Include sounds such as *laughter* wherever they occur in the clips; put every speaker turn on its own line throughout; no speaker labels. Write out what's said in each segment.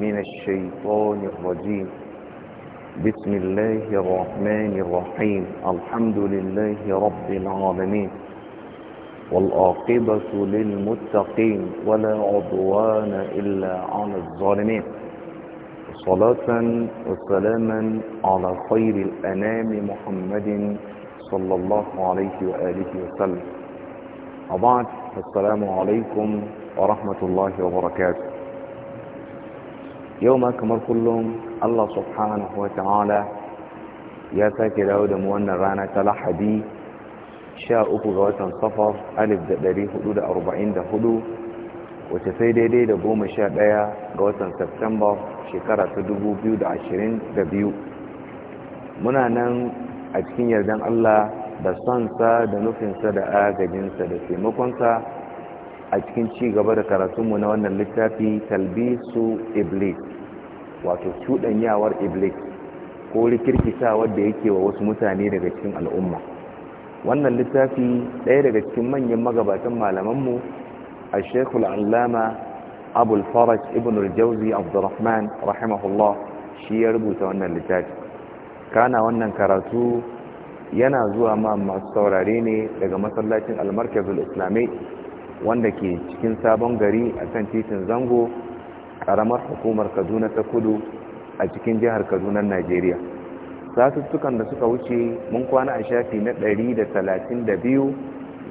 من الشيطان الرجيم بسم الله الرحمن الرحيم الحمد لله رب العالمين والآقبة للمتقين ولا عدوان إلا على الظالمين صلاة وسلاما على خير الأنام محمد صلى الله عليه وآله وسلم وبعد السلام عليكم ورحمة الله وبركاته yau ma kamar kullum Allah subhanahu wa ta'ala ya sake dawo da mu wannan rana ta lahadi sha uku ga watan safar alif da ɗari hudu da arba'in da hudu wace sai daidai da goma sha ɗaya ga watan september shekara ta dubu biyu da ashirin da biyu muna nan a cikin yardan Allah da sonsa da nufinsa da agajinsa da taimakonsa a cikin ci gaba da karatunmu na wannan littafi talbisu iblis wato cuɗanyawar iblis ko rikirkitawar da yake wa wasu mutane daga cikin al'umma wannan littafi ɗaya daga cikin manyan magabatan malamanmu a shekul allama abul faraj ibn jauzi abdurrahman rahimahullah shi ya rubuta wannan littafi kana wannan karatu yana zuwa ma masu saurare ne daga masallacin almarkazul islamai. wanda ke cikin sabon gari a kan titin zango karamar hukumar kaduna ta kudu a cikin jihar kaduna najeriya satuttukan da suka wuce mun kwana a shafi na 132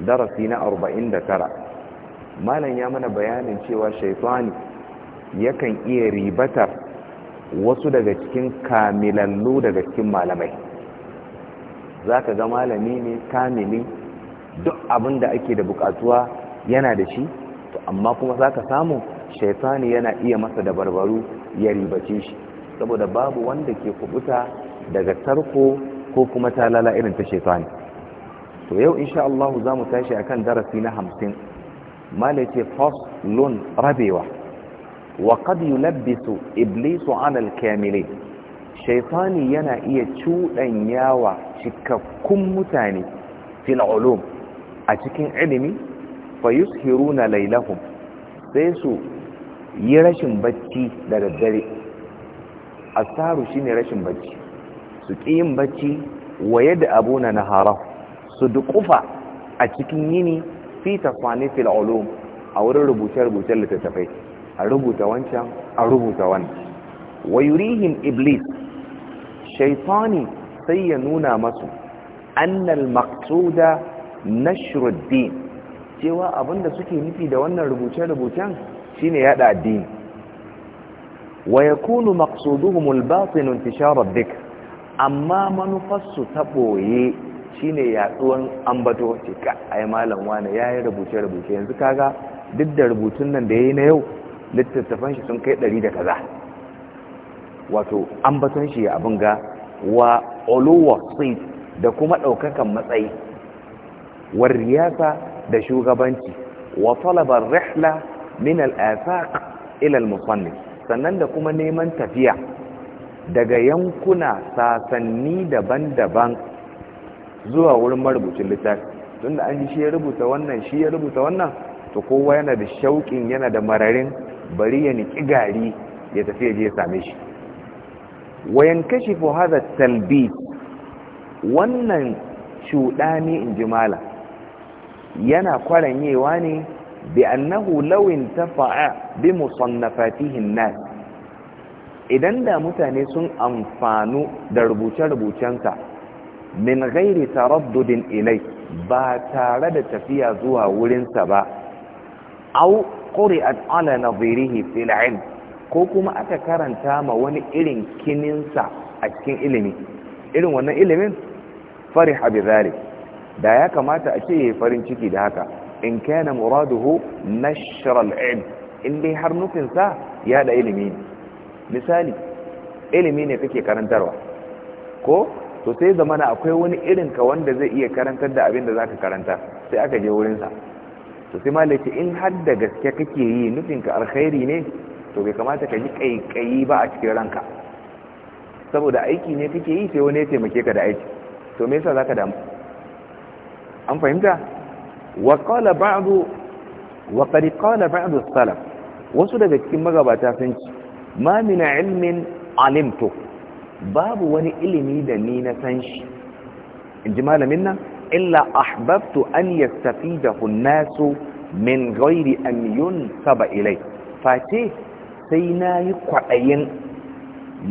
darasi na 49 malam ya mana bayanin cewa shaifani yakan iya ribatar wasu daga cikin kamilallu daga cikin malamai za ka ga malami ne kamili duk abin da ake da bukatuwa yana da shi to amma kuma za ka samu shaitani yana iya masa dabarbaru barbaru ya ribace shi saboda babu wanda ke kubuta daga tarko ko kuma talala irin ta shaitani to yau insha Allah za mu tashi akan darasi na hamsin malaki ce lun rabewa wa qad yulabbisu iblisu ala alkamilin shaitani yana iya cuɗanyawa cikakkun mutane fil ulum a cikin ilimi na lailahum sai su yi rashin bacci da daddare asaru shine rashin bacci su yin bacci waye da na nahara su duƙufa a cikin yini fi tafanifil ulum a wurin rubuce-rubucen littattafai a rubuta wancan a rubuta wannan wa iblis Shaifani sai ya nuna masu annal na nashruddin cewa abinda suke nufi da wannan rubuce-rubucen shine yada addini wa yakunu maqsuduhum al-batin intishar dhikr amma manufarsu ta boye shine yaduwan ambato ce ka ai malam wani yayi rubuce-rubuce yanzu kaga duk da rubutun nan da yayi na yau littattafan shi sun kai ɗari da kaza wato ambaton shi abin ga wa uluwa da kuma ɗaukakan matsayi war riyasa da shugabanci wa talabar rihla min al-afaq ila al-musannif sannan da kuma neman tafiya daga yankuna sasanni daban-daban zuwa wurin marubucin littafi tunda an ji shi ya rubuta wannan shi ya rubuta wannan to kowa yana da shauƙin yana da mararin bari ya niki gari ya tafi ya je ya same shi wayan yankashifu hadha talbis wannan shudani in ji malam yana kwaranyewa ne bi annahu lawin tafa'a bi musannafatihin nan. idan da mutane sun amfanu da rubuce-rubucensa min gairi taraddudin ilai ba tare da tafiya zuwa wurinsa ba au quri'at ala na fil ilm ko kuma aka karanta ma wani irin kininsa a cikin ilimi irin wannan ilimin Fari bi da ya kamata a ce ya farin ciki da haka in kana muraduhu nashr al-ilm in dai har nufin sa ya da ilimi misali ilimi ne kake karantarwa ko to sai zamana akwai wani irin ka wanda zai iya karantar da abin da zaka karanta sai aka je wurinsa? sa to sai malaki in har da gaske kake yi nufin ka alkhairi ne to bai kamata ka ji kaikayi ba a cikin ranka saboda aiki ne kake yi sai wani ya taimake ka da aiki to me yasa zaka damu an fahimta wa qala ba'du wa salaf wasu daga cikin magabata sun ci ma min ilmin alimtu babu wani ilimi da ni na san shi inji malamin nan illa ahbabtu an yastafidahu da nasu min ghairi an yunsaba ilai face sai nayi kwaɗayin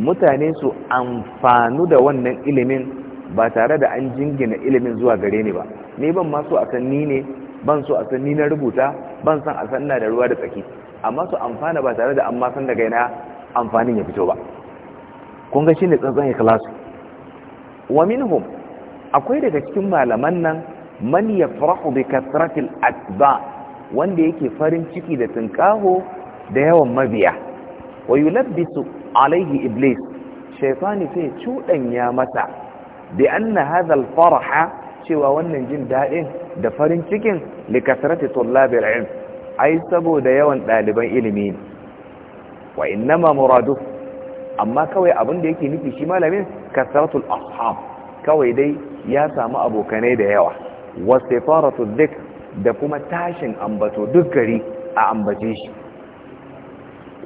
mutane su amfanu da wannan ilimin ba tare da an jingina ilimin zuwa gare ni ba ni ban ma so a san ni ne ban so a san ni na rubuta ban san a san na da ruwa da tsaki amma su amfana ba tare da an ma san daga yana amfanin ya fito ba kun ga shi ne tsantsan ikhlasu wa minhum akwai daga cikin malaman nan man yafrahu bi kasratil atba wanda yake farin ciki da tunkaho da yawan mabiya wa yulabbisu alaihi iblis shaytani sai cudanya masa bi anna hadha al farha cewa wannan jin daɗin da farin cikin likasarati tullabil ilm ai saboda yawan ɗaliban ilimi wa ma muradu amma kawai abin da yake nufi shi malamin kasaratul ashab kawai dai ya samu abokanai da yawa wasifaratul dik da kuma tashin ambato duk gari a ambace shi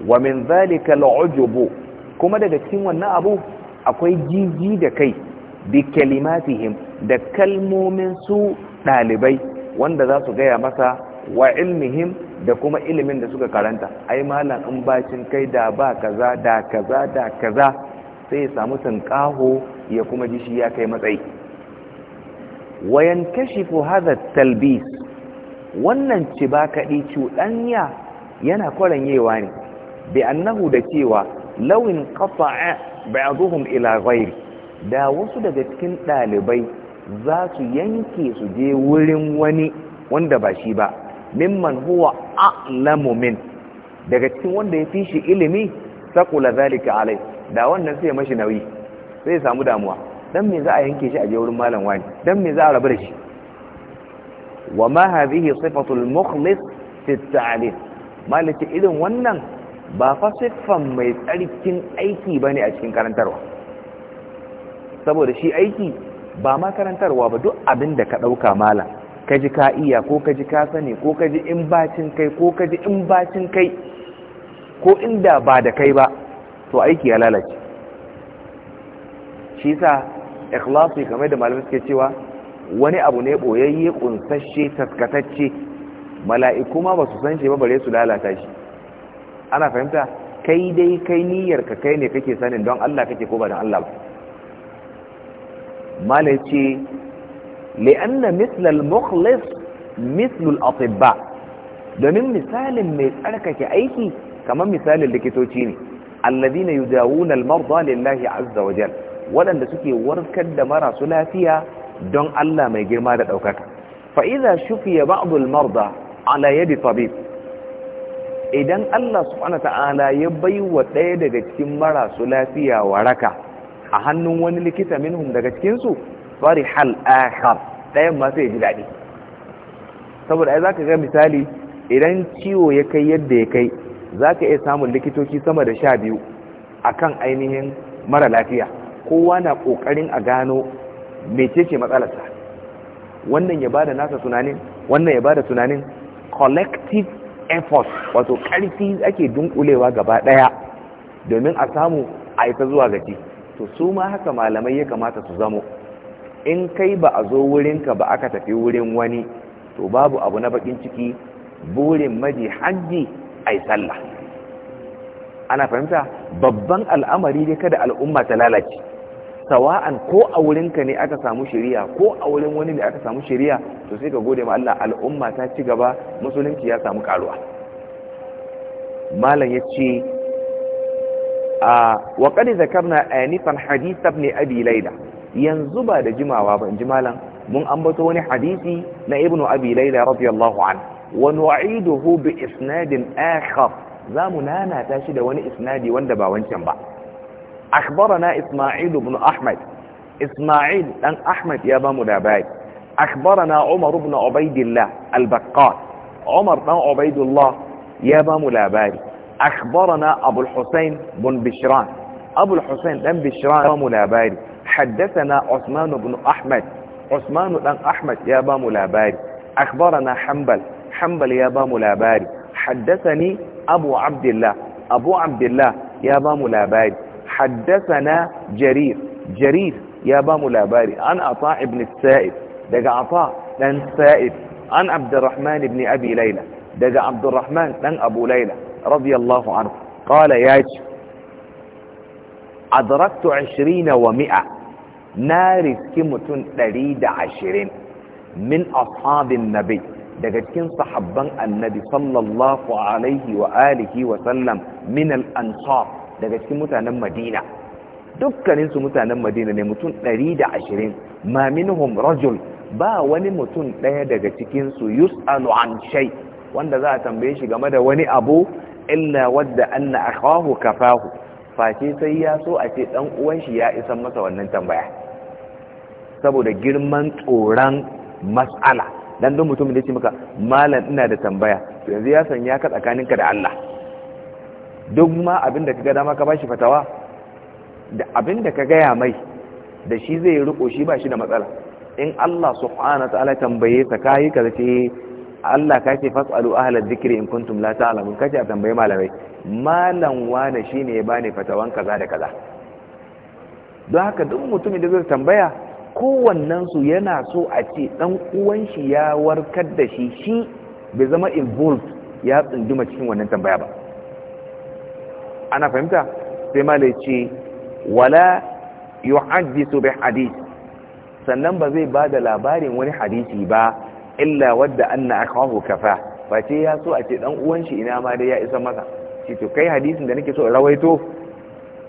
wa min zalika al'ujubu kuma daga cikin wannan abu akwai jiji da kai bi kalimatihim da kalmomin su ɗalibai wanda za su gaya masa wa ilmihim da kuma ilimin da suka karanta ai malam in bacin kai da ba kaza da kaza da kaza sai ya samu tunƙaho ya kuma ji shi ya kai matsayi wayan kashifu hadha talbis wannan cibakaɗi cuɗanya yana kwaranyewa ne bi annahu da cewa lawin qata'a ba'dhum ila ghairi da wasu daga cikin ɗalibai za su yanke su je wurin wani wanda ba shi ba mimman huwa a'lamu daga cikin wanda ya fi shi ilimi sakula zalika alai da wannan sai mashi nauyi sai samu damuwa don me za a yanke shi a je wurin malam wani me za a rabu da shi wa ma hadhihi sifatul mukhlis fi at-ta'lim malaka irin wannan ba fa siffan mai tsarkin aiki bane a cikin karantarwa saboda shi aiki ba makarantarwa ba duk abin da ka ɗauka mala ka ji ka iya ko ka ji ka sani ko ka ji in bacin kai ko ka ji in bacin kai ko inda ba da kai ba to aiki ya lalace shi sa ikhlasi kamar da malamai suke cewa wani abu ne boyayye kunsashe taskatacce mala'iku ma ba su san shi ba bare su lalata shi ana fahimta kai dai kai niyyar ka kai ne kake sanin don Allah kake ko ba don Allah ba malai ce li'anna mislal mukhlis mislul atibba domin misalin mai tsarkake aiki kamar misalin likitoci ne alladina yudawuna almarda lillahi azza wa jal waɗanda suke warkar da marasu lafiya don Allah mai girma da ɗaukaka fa idza shufiya ba'du almarda ala yadi tabib idan Allah subhanahu ta'ala ya baiwa ɗaya daga cikin marasu lafiya waraka a hannun wani likita minhum daga cikinsu fari hal akhar ɗayan ma sai ji daɗi saboda ai zaka ga misali idan ciwo ya kai yadda ya kai zaka iya samun likitoci sama da sha biyu akan ainihin mara lafiya kowa na ƙoƙarin a gano mecece matsalarsa wannan ya bada nasa tunanin wannan ya bada tunanin collective effort wato ƙarfi ake dunkulewa gaba ɗaya domin a samu a ita zuwa gaji. to su ma haka malamai ya kamata su zamo in kai ba a zo wurinka ba aka tafi wurin wani to babu abu na bakin ciki burin maji hajji yi sallah ana fahimta babban al'amari ne kada al'umma ta lalace sawa'an ko a wurinka ne aka samu shari'a ko a wurin wani ne aka samu shari'a to sai ka gode ma Allah al'umma ta ci gaba musulunci ya samu karuwa malam ya ce wa qad na anifan hadith ne abi layla yanzu ba da jimawa ba in ji malam mun ambato wani hadisi na ibn abi laida radiyallahu an wa nu'iduhu bi isnadin akhar zamu nana ta shi da wani isnadi wanda ba wancan ba akhbarana isma'il ibn ahmad isma'il dan ahmad ya ba mu labari akhbarana umar ibn ubaidillah al-baqqal umar dan ubaidullah ya ba mu labari أخبرنا أبو الحسين بن بشران أبو الحسين بن بشران بام باري حدثنا عثمان بن أحمد عثمان بن أحمد يا بام باري أخبرنا حنبل حنبل يا بام باري حدثني أبو عبد الله أبو عبد الله يا بام باري حدثنا جرير جرير يا بام باري عن عطاء بن السائب دقى عطاء بن السائب عن عبد الرحمن بن أبي ليلى دقى عبد الرحمن بن أبو ليلى radiyallahu anhu qala ya ce adraktu 20 wa mi'a na riski mutum 120 min ashabin nabi daga cikin sahabban annabi sallallahu alaihi wa alihi wa sallam min al-ansar daga cikin mutanen madina dukkanin su mutanen madina ne mutum 120 ma minhum rajul ba wani mutum ɗaya daga cikin su yus'alu an shay wanda za a tambaye shi game da wani abu illa wadda anna akahu kafahu face sai ya so a ce dan uwan shi ya isan masa wannan tambaya saboda girman tsoron mas'ala dan don mutum da ya ce maka malam ina da tambaya to yanzu ya sanya ka tsakaninka da Allah duk ma abinda ka ga dama ka bashi fatawa da abinda ka gaya mai da shi zai riko shi ba shi da matsala in Allah subhanahu wa ta'ala tambaye ka kai ka zace Allah ka ce fasalu ahlal zikri in kuntum la ta'lamun kace a tambayi malamai malam wane shine ya bani fatawan kaza da kaza don haka duk mutumin da zai tambaya kowannen su yana so a ce dan uwan shi ya warkar da shi shi bai zama involved ya tsinduma cikin wannan tambaya ba ana fahimta sai malai ce wala yu'addisu bi hadith sannan ba zai bada labarin wani hadisi ba illa wadda anna akahu kafa face ya so a ce dan uwan shi ina ma dai ya isa masa shi to kai hadisin da nake so rawaito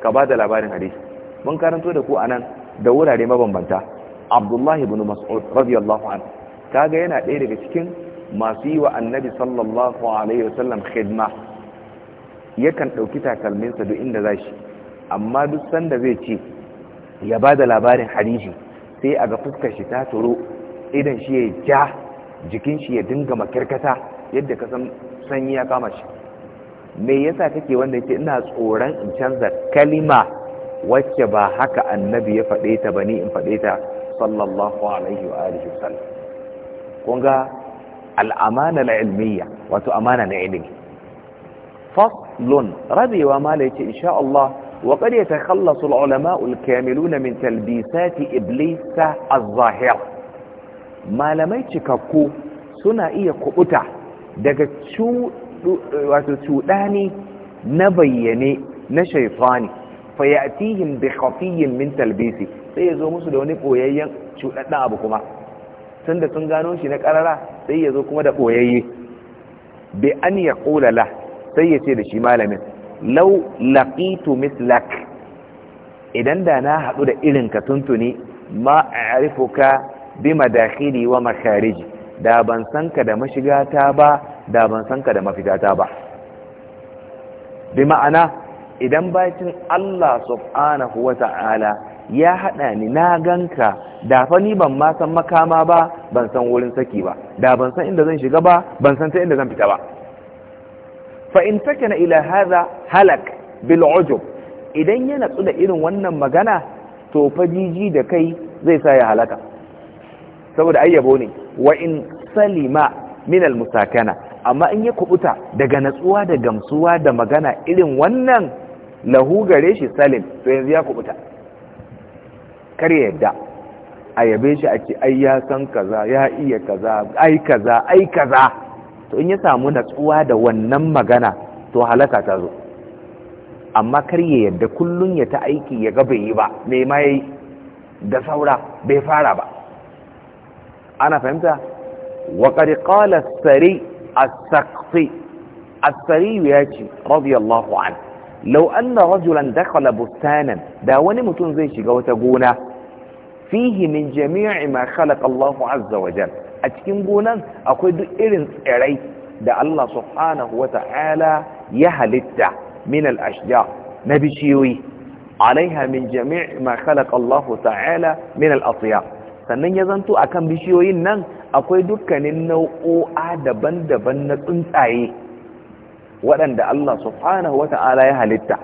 ka ba da labarin hadisi mun karanto da ku anan da wurare mabambanta abdullahi ibn mas'ud radiyallahu anhu kaga yana ɗaya daga cikin masu yi wa annabi sallallahu alaihi wasallam khidma yakan ɗauki takalminsa duk inda za shi amma duk sanda zai ce ya ba da labarin hadisi sai a ga fuskar shi ta turo idan shi ya ja jikin shi ya dinga makirkata yadda ka sanyi ya kama shi me yasa kake wanda yake ina tsoron in canza kalima wacce ba haka annabi ya faɗe ta ni in faɗe ta sallallahu alaihi wa alihi wasallam kun ga al'amana na ilmiya wato amana na ilimi faslun rabewa ma la yace insha Allah wa qad yatakhallasu al-ulama al-kamiluna min talbisati iblisa az zahir. malamai cikakku suna iya kubuta daga cuɗani na bayyane na shaifani fayatihin bi khafiyyin min talbisi sai ya zo musu da wani ɓoyayyen cuɗaɗɗen abu kuma tun da sun gano shi na ƙarara sai ya zo kuma da ɓoyayye bi an ya ƙulala sai ya ce da shi malamin lau laƙitu mislak idan da na haɗu da irinka tuntuni ma a arifuka bi madakhili wa makhariji da ban san ka da mashigata ba da ban san ka da mafitata ba bi ma'ana idan bakin Allah subhanahu wa ta'ala ya hada ni na ganka da fa ni ban ma san makama ba ban san wurin saki ba da ban san inda zan shiga ba ban san ta inda zan fita ba fa in takana ila hadha halak bil ujub idan ya natsu da irin wannan magana to fa jiji da kai zai sa ya halaka saboda ayyabo ne wa in salima min almusakana amma in ya kubuta daga natsuwa da gamsuwa da magana irin wannan lahu gare shi salim to yanzu ya kubuta kar ya yadda a yabe shi a ce ai ya san kaza ya iya kaza ai kaza ai kaza to in ya samu natsuwa da wannan magana to halaka ta zo amma kar ya yadda kullun ya ta aiki ya ga bai yi ba me ma yayi da saura bai fara ba ana fahimta wa qad qala sari as-saqfi as ya ce radiyallahu Lau an na rajulan dakhala bustanin da wani mutum zai shiga wata gona fihi min jami'i ma khalaqa Allahu azza wa a cikin gonan akwai duk irin tsirai da Allah subhanahu wa ta'ala ya halitta min al-ashja na bishiyoyi alaiha min jami'i ma khalaqa ta'ala min al-atiyaq sannan ya zanto a kan bishiyoyin nan akwai dukkanin nau'o'a daban-daban na tsuntsaye waɗanda Allah subhanahu wata'ala ya halitta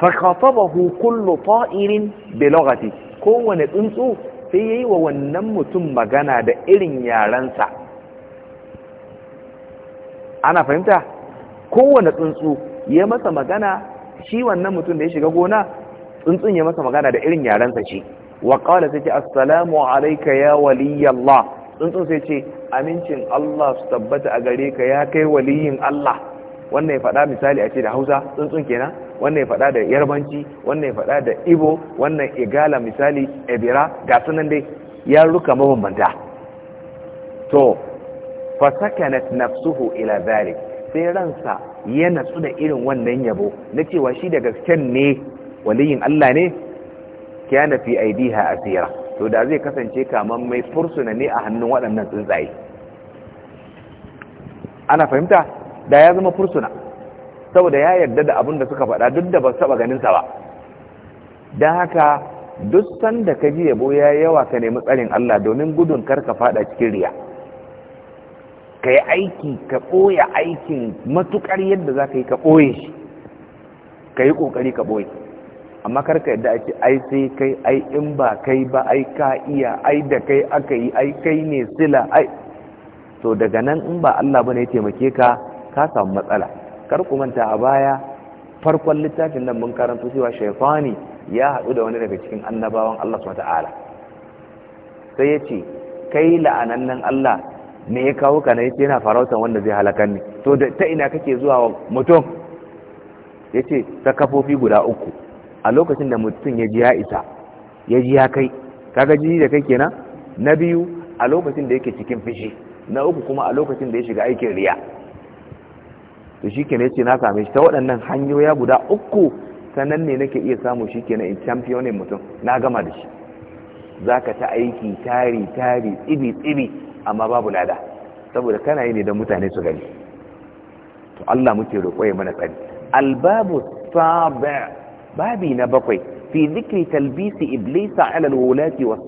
fa khatabahu kullu ta'irin belogati kowane tsuntsu sai ya yi wa wannan mutum magana da irin yarensa ana fahimta kowane tsuntsu ya masa magana shi wannan mutum da ya shiga gona tsuntsun ya masa magana da irin yarensa shi wa kala sai ce assalamu alaika ya waliyallah tsuntsun sai ce amincin Allah su tabbata a gare ka ya kai waliyin Allah wannan ya faɗa misali a ce da Hausa tsuntsun kenan wannan ya faɗa da Yarbanci wannan ya faɗa da ibo wannan Igala misali Ebira ga sunan dai ruka mabambanta to fa sakanat nafsuhu ila dhalik sai ransa ya natsu irin wannan yabo na cewa shi da gasken ne waliyin Allah ne kana fi aidiha asira to da zai kasance kaman mai fursuna ne a hannun waɗannan tsuntsaye ana fahimta da ya zama fursuna saboda ya yarda da abin da suka faɗa duk da ba su taɓa ganinsa ba don haka duk sanda ka ji yabo ya yawa ka nemi tsarin Allah domin gudun kar ka faɗa cikin riya ka yi aiki ka ɓoye aikin matuƙar yadda za ka yi ka ɓoye shi ka yi ƙoƙari ka ɓoye amma karka yadda ake ai sai kai ai in ba kai ba ai ka iya ai da kai aka yi ai kai ne sila ai to daga nan in ba Allah bane ya taimake ka ka samu matsala kar ku manta a baya farkon littafin nan mun karanta cewa shaytani ya hadu da wani daga cikin annabawan Allah subhanahu wataala sai ya ce kai la'anannan Allah me ya kawo ka na yace yana farautan wanda zai halaka ni to da ta ina kake zuwa wa mutum yace ta kafofi guda uku a lokacin da mutum ya ji ya isa ya ji ya kai kaga jini da kai kenan na biyu a lokacin da yake cikin fishi na uku kuma a lokacin da ya shiga aikin riya to shi kenan yace na same shi ta waɗannan hanyoya guda uku sanan ne nake iya samu shi kenan in championin mutum na gama da shi zaka ta aiki tari tari tsibi tsibi amma babu lada saboda kana yi ne don mutane su gani to Allah muke roƙo ya mana tsari albabu sabi babi na bakwai fi zikri talbisi iblisa ala alwulati was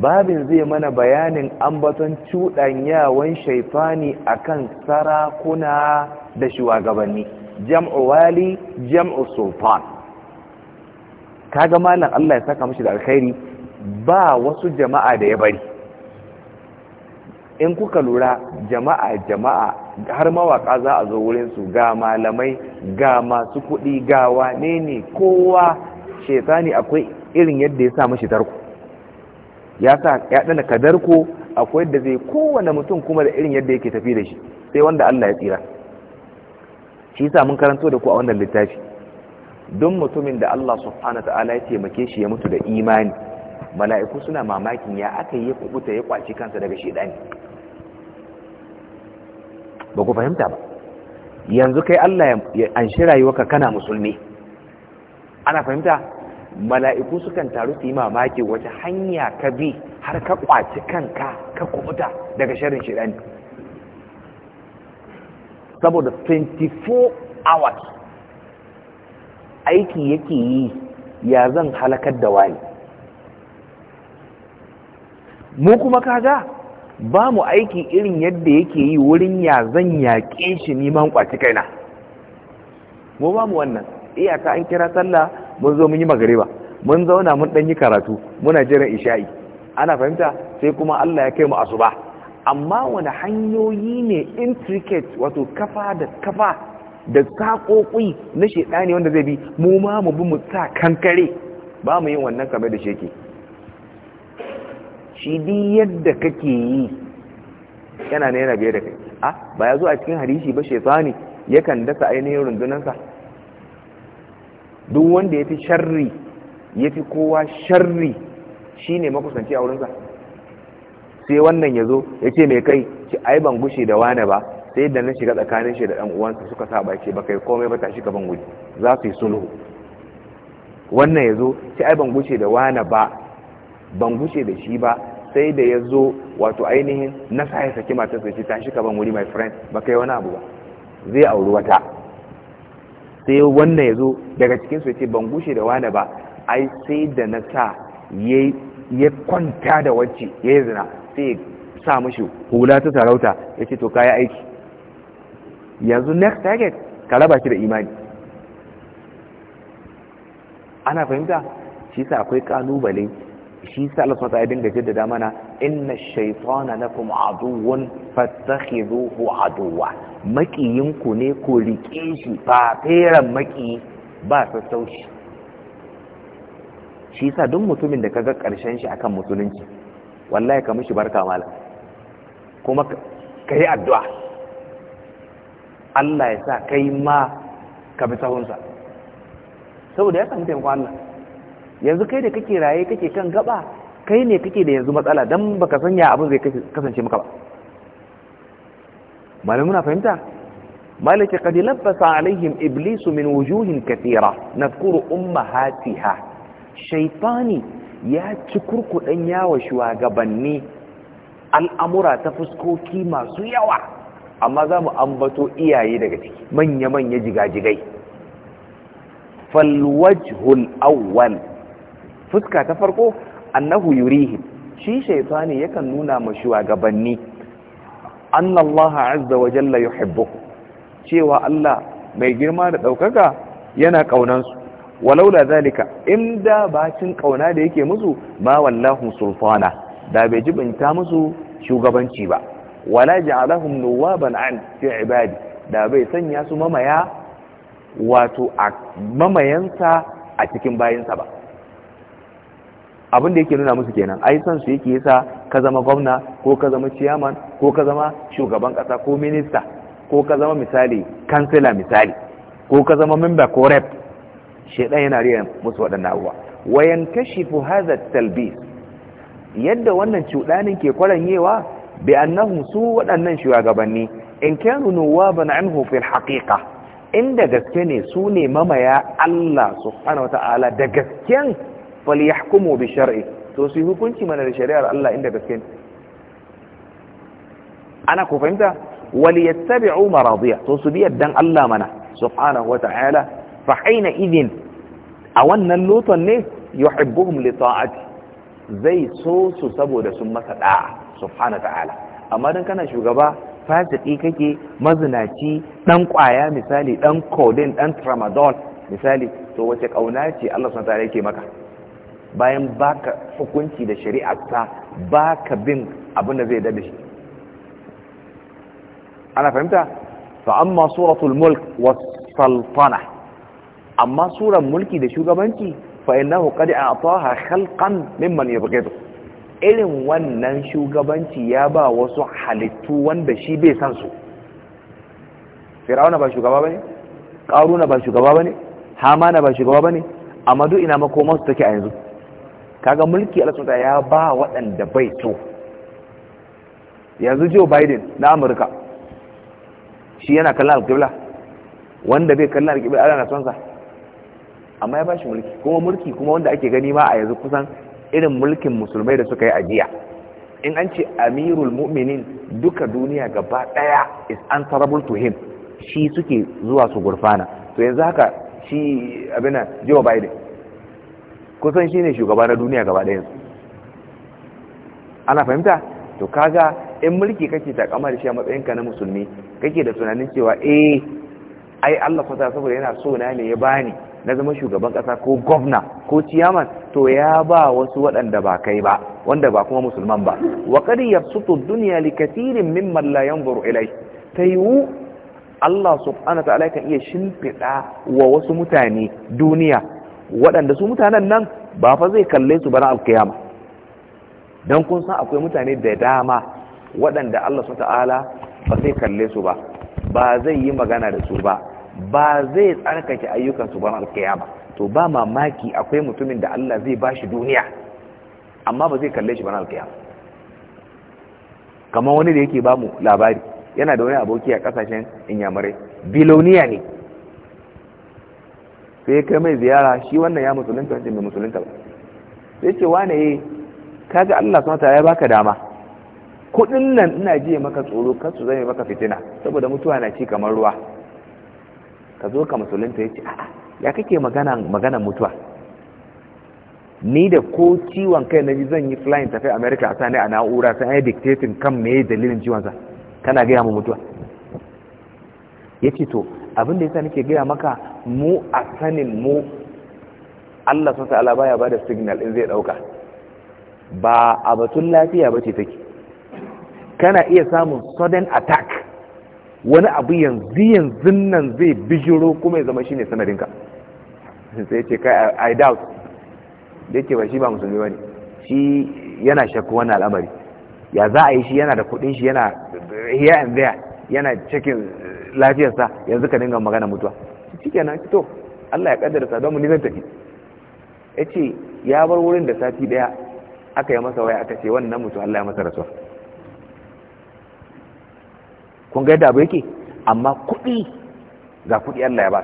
babin zai mana bayanin ambaton cuɗanyawan shaifani akan sarakuna da shugabanni jam'u wali jam'u sultan kaga malam Allah ya saka mishi da alkhairi ba wasu jama'a da ya bari in kuka lura jama'a jama'a har mawaka za a zo wurin su ga malamai ga masu kuɗi ga wane ne kowa shaitani akwai irin yadda ya sa mashi tarko ya sa ya ɗana kadarko akwai yadda zai kowane mutum kuma da irin yadda yake tafi da shi sai wanda Allah ya tsira shi sa mun karanto da ku a wannan littafi don mutumin da Allah subhanahu ta'ala ya taimake shi ya mutu da imani mala'iku suna mamakin ya aka yi ya kubuta ya kwaci kansa daga shaitani ba ku fahimta ba yanzu kai Allah ya anshi rayuwarka kana musulmi ana fahimta mala'iku sukan taru su yi mamaki wace hanya ka bi har ka kwaci kanka ka kubuta daga sharrin shirani saboda 24 hours aiki yake yi ya zan halakar da wani mu kuma kaga ba mu aiki irin yadda yake yi wurin ya zan yaƙe shi neman kwaci na mu ba mu wannan ta an kira sallah mun zo mun yi magariba mun zauna mun ɗan yi karatu muna jiran isha'i ana fahimta sai kuma Allah ya kai mu asuba amma wani hanyoyi ne intricate wato kafa da kafa da saƙoƙi na ne wanda zai bi mu ma mu bi mu sa kankare ba mu yin wannan kamar da shi yake shi di yadda kake yi yana ne yana biye da kai a ba ya zo a cikin harishi ba shaitani yakan dasa ainihin rundunansa duk wanda ya fi sharri ya fi kowa sharri shi ne makusanci a wurinsa sai wannan ya zo ya ce mai kai ci ai ban gushe da wane ba sai da na shiga tsakanin shi da ɗan uwansa suka saba ce ba kai komai ba tashi ka ban za su yi sulhu wannan ya zo ci ai ban gushe da wane ba ban gushe da shi ba sai da ya zo wato ainihin na sa ya saki matarsa ya ce shi ka ban wuri my friend ba kai wani abu ba zai auri wata sai wannan ya zo daga cikinsu ya ce ban gushe da wani ba ai sai da na sa ya kwanta da wacce ya yi zina sai ya sa mashi hula ta sarauta ya ce to kaya aiki yanzu next target ka raba shi da imani ana fahimta shi sa akwai kalubale shi sa Allah ta dinga jaddada mana inna shaytana lakum aduwwun fattakhidhuhu aduwwa ku ne ko rike shi ba feran maki ba sassauci shi sa duk mutumin da kaga karshen shi akan musulunci wallahi ka mishi barka mala kuma kai addu'a Allah ya sa kai ma ka bi sahunsa saboda ya san taimakon Allah yanzu kai da kake raye kake kan gaba kai ne kake da yanzu matsala dan baka sanya abin zai kasance maka ba malin na fahimta malaki kadi labbasa alaihim iblis min wujuhin kafira umma hati ha Shaifani ya ci kurkudan yawa shugabanni al'amura ta fuskoki masu yawa amma za mu ambato iyaye daga ciki manya-manya jigajigai falwajhul awwal fuska ta farko annahu yurihi shi shaytani yakan nuna ma shugabanni annallaha azza wa jalla yuhibbuhu cewa Allah mai girma da daukaka yana kaunan su walaula zalika inda bacin kauna da yake musu ma wallahu Sulfana, da bai jibinta musu shugabanci ba wala ja'alahum nuwaban an fi ibadi da bai sanya su mamaya wato a mamayansa a cikin bayinsa ba abin da yake nuna musu kenan ai san su yake yasa ka zama gwamna ko ka zama chairman ko ka zama shugaban kasa ko minista ko ka zama misali kansila misali ko ka zama member ko rep shedan yana riya musu waɗannan abuwa wayan kashifu hadha talbis yadda wannan cudanin ke kwaranyewa bi annahu su waɗannan shugabanni in kanu nuwaban anhu fil haqiqa inda gaske ne su ne mamaya Allah subhanahu wata'ala da gasken falyahkumu bi shar'i to su hukunci mana da shari'ar Allah inda gaske ana ku fahimta waliyattabi'u maradiya to su bi yaddan Allah mana subhanahu wata'ala fa idin a wannan loton ne yuhibbuhum li ta'ati zai so su saboda sun masa da'a subhanahu ta'ala. amma dan kana shugaba fasiki kake mazinaci dan kwaya misali dan codeine dan tramadol misali to wace kauna ce Allah subhanahu wata'ala yake maka bayan baka hukunci da shari'a ta baka bin abin da zai dade shi ana fahimta fa amma suratul mulk was saltana amma suran mulki da shugabanci fa innahu qad a'taha khalqan mimman yabghidu irin wannan shugabanci ya ba wasu halittu wanda shi bai san su fir'auna ba shugaba bane qaruna ba shugaba bane hamana ba shugaba bane amma duk ina makoma su take a yanzu kaga mulki Allah ya ba waɗanda bai to yanzu Joe Biden na Amurka shi yana kallon alkibla wanda bai kallon alkibla Allah na son sa amma ya bashi mulki kuma mulki kuma wanda ake gani ma a yanzu kusan irin mulkin musulmai da suka yi ajiya in an ce amirul mu'minin duka duniya gaba daya is answerable to him shi suke zuwa su gurfana to yanzu haka shi abinan joe biden kusan shine shugaba na duniya gaba ɗayan ana fahimta to kaga in mulki kake takama da shi a matsayinka na musulmi kake da tunanin cewa eh ai Allah fata saboda yana so na ne ya bani na zama shugaban kasa ko gwamna ko ciyaman to ya ba wasu waɗanda ba kai ba wanda ba kuma musulman ba wa qad yabsutu ad-dunya li katirin mimman la yanzuru ilay tayu Allah subhanahu wa ta'ala kan iya shimfida wa wasu mutane duniya waɗanda su mutanen nan ba fa zai kalle su bana alkiyama don kun san akwai mutane da dama waɗanda Allah su ta'ala ba zai kalle su ba ba zai yi magana da su ba ba zai tsarkake ayyukansu bana alkiyama to ba mamaki akwai mutumin da Allah zai ba shi duniya amma ba zai kalle shi bana alkiyama kamar wani da yake ba mu labari yana da wani aboki a kasashen inyamurai biloniya ne sai ya kai mai ziyara shi wannan ya musulunta wancan mai musulunta ba sai ce wane yi eh, ga Allah sun ya baka dama kudin nan ina jiye maka tsoro kar su zame maka fitina saboda mutuwa na ci kamar ruwa ka zo ka musulunta ya ce a'a ya kake magana magana mutuwa ni da ko ciwon kai na ji zan yi flying tafi america a sani a na'ura sai an yi dictating kan me dalilin ciwon sa kana gaya mu mutuwa ya ce to abin da yasa nake gaya maka mu a sanin mu Allah sun ta'ala baya ba da signal in zai ɗauka ba a batun lafiya ba ce take kana iya samun sudden attack wani abu yanzu yanzu nan zai bijiro kuma ya zama shi ne sanadinka sai ce kai i doubt da yake ba shi ba musulmi bane shi yana shakku wannan al'amari ya za a yi shi yana da kudin shi yana here and there yana cikin lafiyarsa yanzu ka dinga magana mutuwa na to Allah ya kaddara sa don mu ni zan tafi yace ya bar wurin da sati daya aka yi masa waya aka ce wannan mutu Allah ya masa rasuwa kun ga yadda abu yake amma kuɗi ga kuɗi Allah ya ba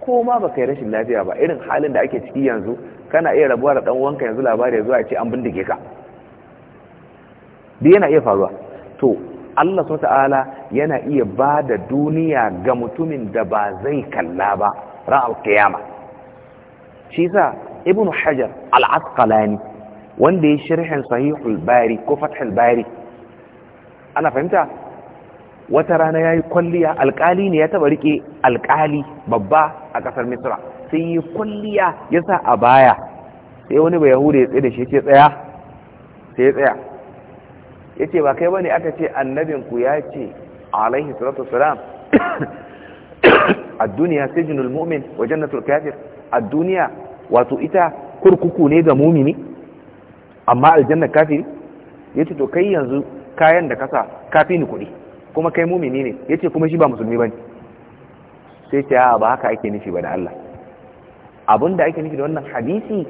ko ma ba kai rashin lafiya ba irin halin da ake ciki yanzu kana iya rabuwa da ɗan wanka yanzu labari ya zuwa ce an bindige ka duk yana iya faruwa to Allah ta'ala yana iya ba da duniya ga mutumin da ba zai kalla ba ra'al kiyama shi sa ibn hajar al-asqalani wanda ya sharhin sahihul bari ko fathul bari ana fahimta wata rana yayi kwalliya alkali ne ya taba rike alkali babba a kasar misra sai yi kwalliya yasa a baya sai wani bai yahuda ya tsaye da shi ya tsaya sai ya tsaya yace ba kai bane aka ce annabin ku ya ce alaihi salatu wassalam ad-dunya sijnul mu'min wa kafir ad-dunya wato ita kurkuku ne ga mumini amma aljanna kafiri yace to kai yanzu kayan da kasa kafi ni kuɗi kuma kai mumini ne yace kuma shi ba musulmi bane sai ce ba haka ake nufi ba da Allah abinda ake nufi da wannan hadisi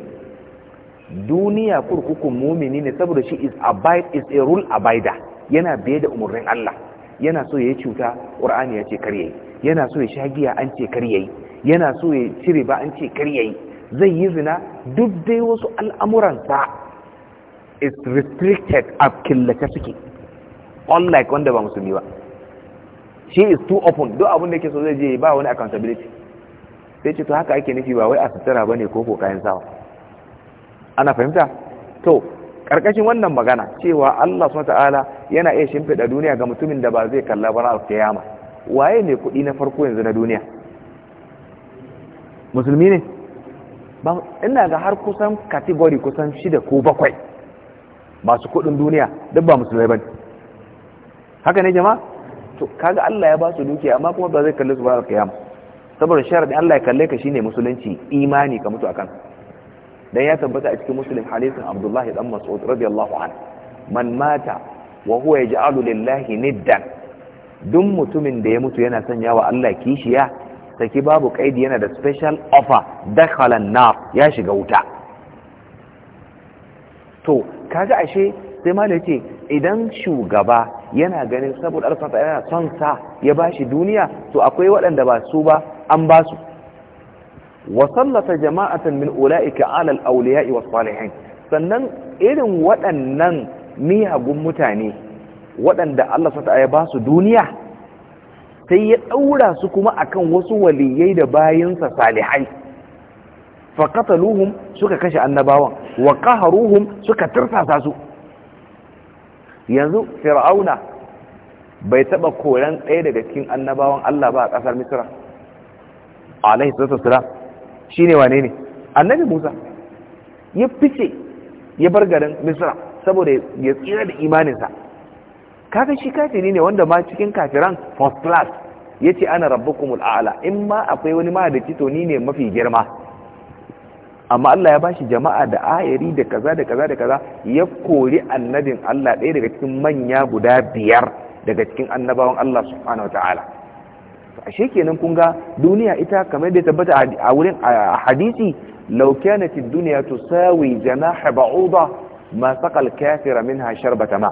duniya kurkukun mumini ne saboda shi is abide is a rule abider yana biye da umarnin Allah yana so ya cuta ƙur'ani ya ce karye yana so ya shagiya an ce karye yana so ya cire ba an ce karye zai yi zina duk dai wasu al'amuransa is restricted a killace suke unlike wanda ba musulmi ba she is too open duk abin da yake so zai je ba wani accountability sai ce to haka ake nufi ba wai a sutura bane ko ko kayan sawa ana fahimta to karkashin wannan magana cewa Allah subhanahu wataala yana iya shimfida duniya ga mutumin da ba zai kalla ba ranar kiyama waye ne kudi na farko yanzu na duniya musulmi ne ba ina ga har kusan category kusan shida ko bakwai masu kudin duniya duk ba musulmai bane haka ne jama'a to kaga Allah ya ba su dukiya amma kuma ba zai kalle su ba ranar kiyama saboda sharadin Allah ya kalle ka shine musulunci imani ka mutu akan dan ya tabbata a cikin muslim hadisin abdullahi dan mas'ud radiyallahu anhu man mata wa huwa yaj'alu lillahi niddan duk mutumin da ya mutu yana sanya wa Allah kishiya saki babu kaidi yana da special offer dakhala an-nar ya shiga wuta to kaga ashe sai ma ce idan shugaba yana ganin saboda alfata yana son sa ya bashi duniya to akwai waɗanda ba su ba an ba su Wasallata jama'atan min ula'ika ala al-awliya'i was salihin sannan irin waɗannan miyagun mutane waɗanda Allah sata ya ba su duniya sai ya ɗaura su kuma akan wasu waliyai da bayansa salihai faƙataluhum suka kashe annabawan wa ƙaharuhum suka tursasa su yanzu fir'auna bai taɓa koran ɗaya daga cikin annabawan Allah ba a ƙasar misira alaihi sallallahu Shi ne wane ne annabi Musa ya fice ya bar garin Misra saboda ya tsira da imaninsa kaga shi kafiri ne wanda ma cikin kafiran first class ce ana rabbukumul a'la in ma akwai wani ma da cito ne mafi girma amma Allah ya bashi jama'a da ayari da kaza da kaza da kaza ya kori annabin Allah ɗaya daga cikin manya guda biyar daga cikin annabawan Allah subhanahu ta'ala. ashe kenan kun ga duniya ita kamar da tabbata a wurin hadisi law duniya ad-dunya tusawi janaha ba'uda ma saqa al minha sharbata ma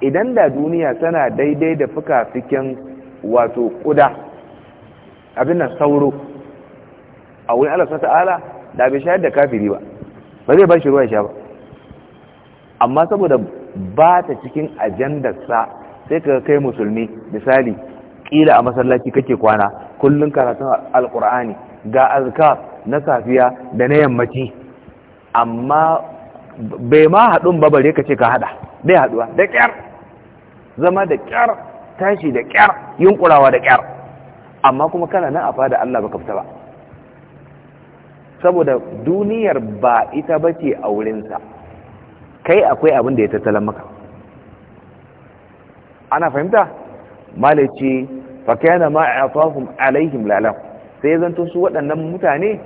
idan da duniya tana daidai da fikafikin wato kuda abin nan sauro a wurin Allah subhanahu ta'ala da bai shayar da kafiri ba ba zai ba shi ruwa sha ba amma saboda ba ta cikin ajandarsa sai ka kai musulmi misali kila a masallaci kake kwana kullum karatun alkur'ani ga azkar na safiya da na yammaci amma bai ma haɗun ba bare ce ka haɗa, bai haɗuwa da kyar zama da kyar tashi da kyar yunkurawa da kyar amma kuma kana nan a fada Allah baka fita ba saboda duniyar ba ita ba ce a wurinsa kai akwai abin da ya tattalin maka ana fahimta malaci fakana kana ma atahum alaihim lala sai zanto su waɗannan mutane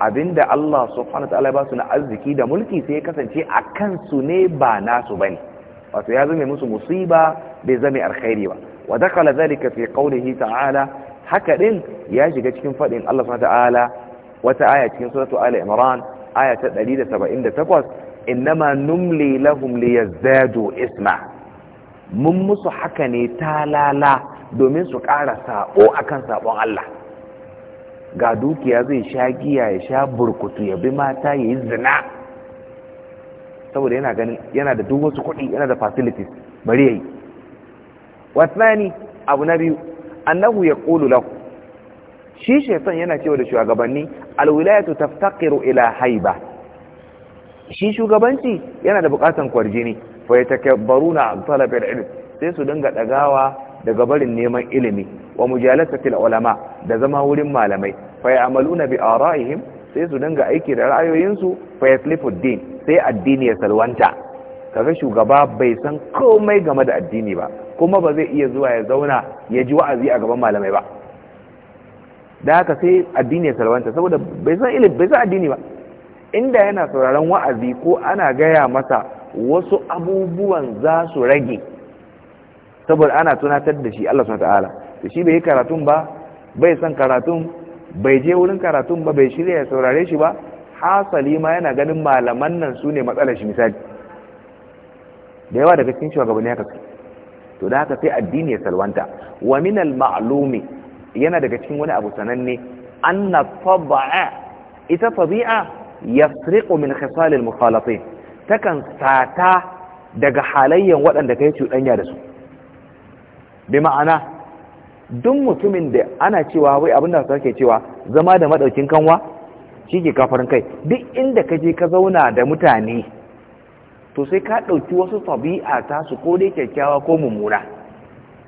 abinda Allah subhanahu wataala ba su na arziki da mulki sai ya kasance a kansu ne ba nasu bane wato ya zame musu musiba bai zame alkhairi ba wa dakala zalika fi qawlihi ta'ala haka din ya shiga cikin fadin Allah subhanahu wataala wata aya cikin suratu ali imran aya ta 178 innama numli lahum liyazdadu isma mun musu haka ne ta lala domin su ƙara sabo akan sabon Allah ga dukiya zai sha giya ya sha burkutu ya bi mata ya yi zina saboda yana ganin yana da duk wasu kuɗi yana da facilities bari ya yayi wasnani abu na biyu annahu yaqulu lahu shi shaitan yana cewa da shugabanni alwilayatu taftaqiru ila haiba shi shugabanci yana da bukatan kwarjini fa yatakabbaruna an talab al-ilm sai su dinga dagawa daga barin neman ilimi wa mujalasatil ulama da zama wurin malamai fa ya'maluna bi ara'ihim sai su dinga aiki da ra'ayoyinsu fa yaslifu din sai addini ya salwanta kaga shugaba bai san komai game da addini ba kuma ba zai iya zuwa ya zauna ya ji wa'azi a gaban malamai ba da haka sai addini ya salwanta saboda bai san ilimi bai san addini ba inda yana sauraron wa'azi ko ana gaya masa wasu abubuwan za su rage saboda ana tunatar da shi Allah ta'ala Da shi bai karatun ba bai san karatun bai je wurin karatun ba bai shirya ya saurare shi ba hasali ma yana ganin malaman nan su ne matsalar shi misali da yawa daga cikin shugabanni haka su to da haka sai addini ya salwanta wa min al ma'lumi yana daga cikin wani abu sananne anna tabi'a ita tabi'a yasriqu min khisal al mukhalatin takan sata daga halayyan waɗanda ka yi cuɗanya da su bi ma'ana duk mutumin da ana cewa wai abin da ke cewa zama da maɗaukin kanwa shi ke kafarin kai duk inda ka je ka zauna da mutane to sai ka ɗauki wasu tabi'a ta su ko dai kyakkyawa ko mummuna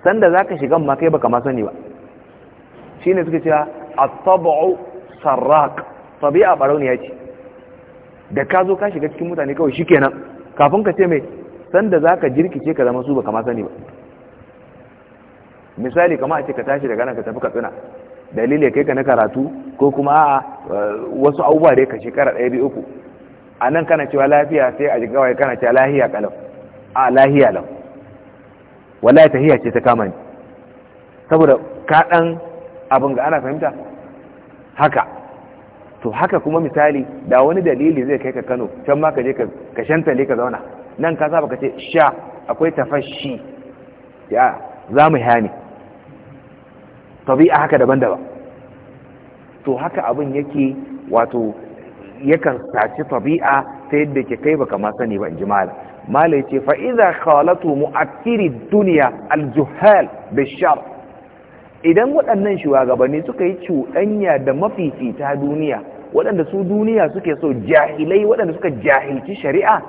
sanda za ka shiga ma kai baka ma sani ba shi ne suka cewa a tabu'u sarraq tabi'a ya ce da ka zo ka shiga cikin mutane kawai shikenan kafin ka ce mai sanda za ka jirkice ka zama su ba kama sani ba misali kama a ce ka tashi daga nan ka tafi katsina dalilai kai ka na karatu ko kuma a wasu abubuwa da ka shekara ɗaya biyu uku a nan kana cewa lafiya sai a jigawa kana cewa lahiya kalam a lahiya wallahi tahiya ce ta kama ni saboda kaɗan abin ga ana fahimta haka to haka kuma misali da wani dalili zai kai ka Kano can ma ka je ka shantale ka zauna nan ka saba ka ce sha akwai tafashi ya za mu hani tabi'a haka daban-daban to haka abin yake wato yakan saci tabi'a ta yadda ke kai baka ma sani ba in ji mala mala yace fa'iza idza mu mu'akkiri duniya Aljuhal juhal bishar idan waɗannan shugabanni suka yi cuɗanya da mafifita duniya waɗanda su duniya suke so jahilai waɗanda suka jahilci shari'a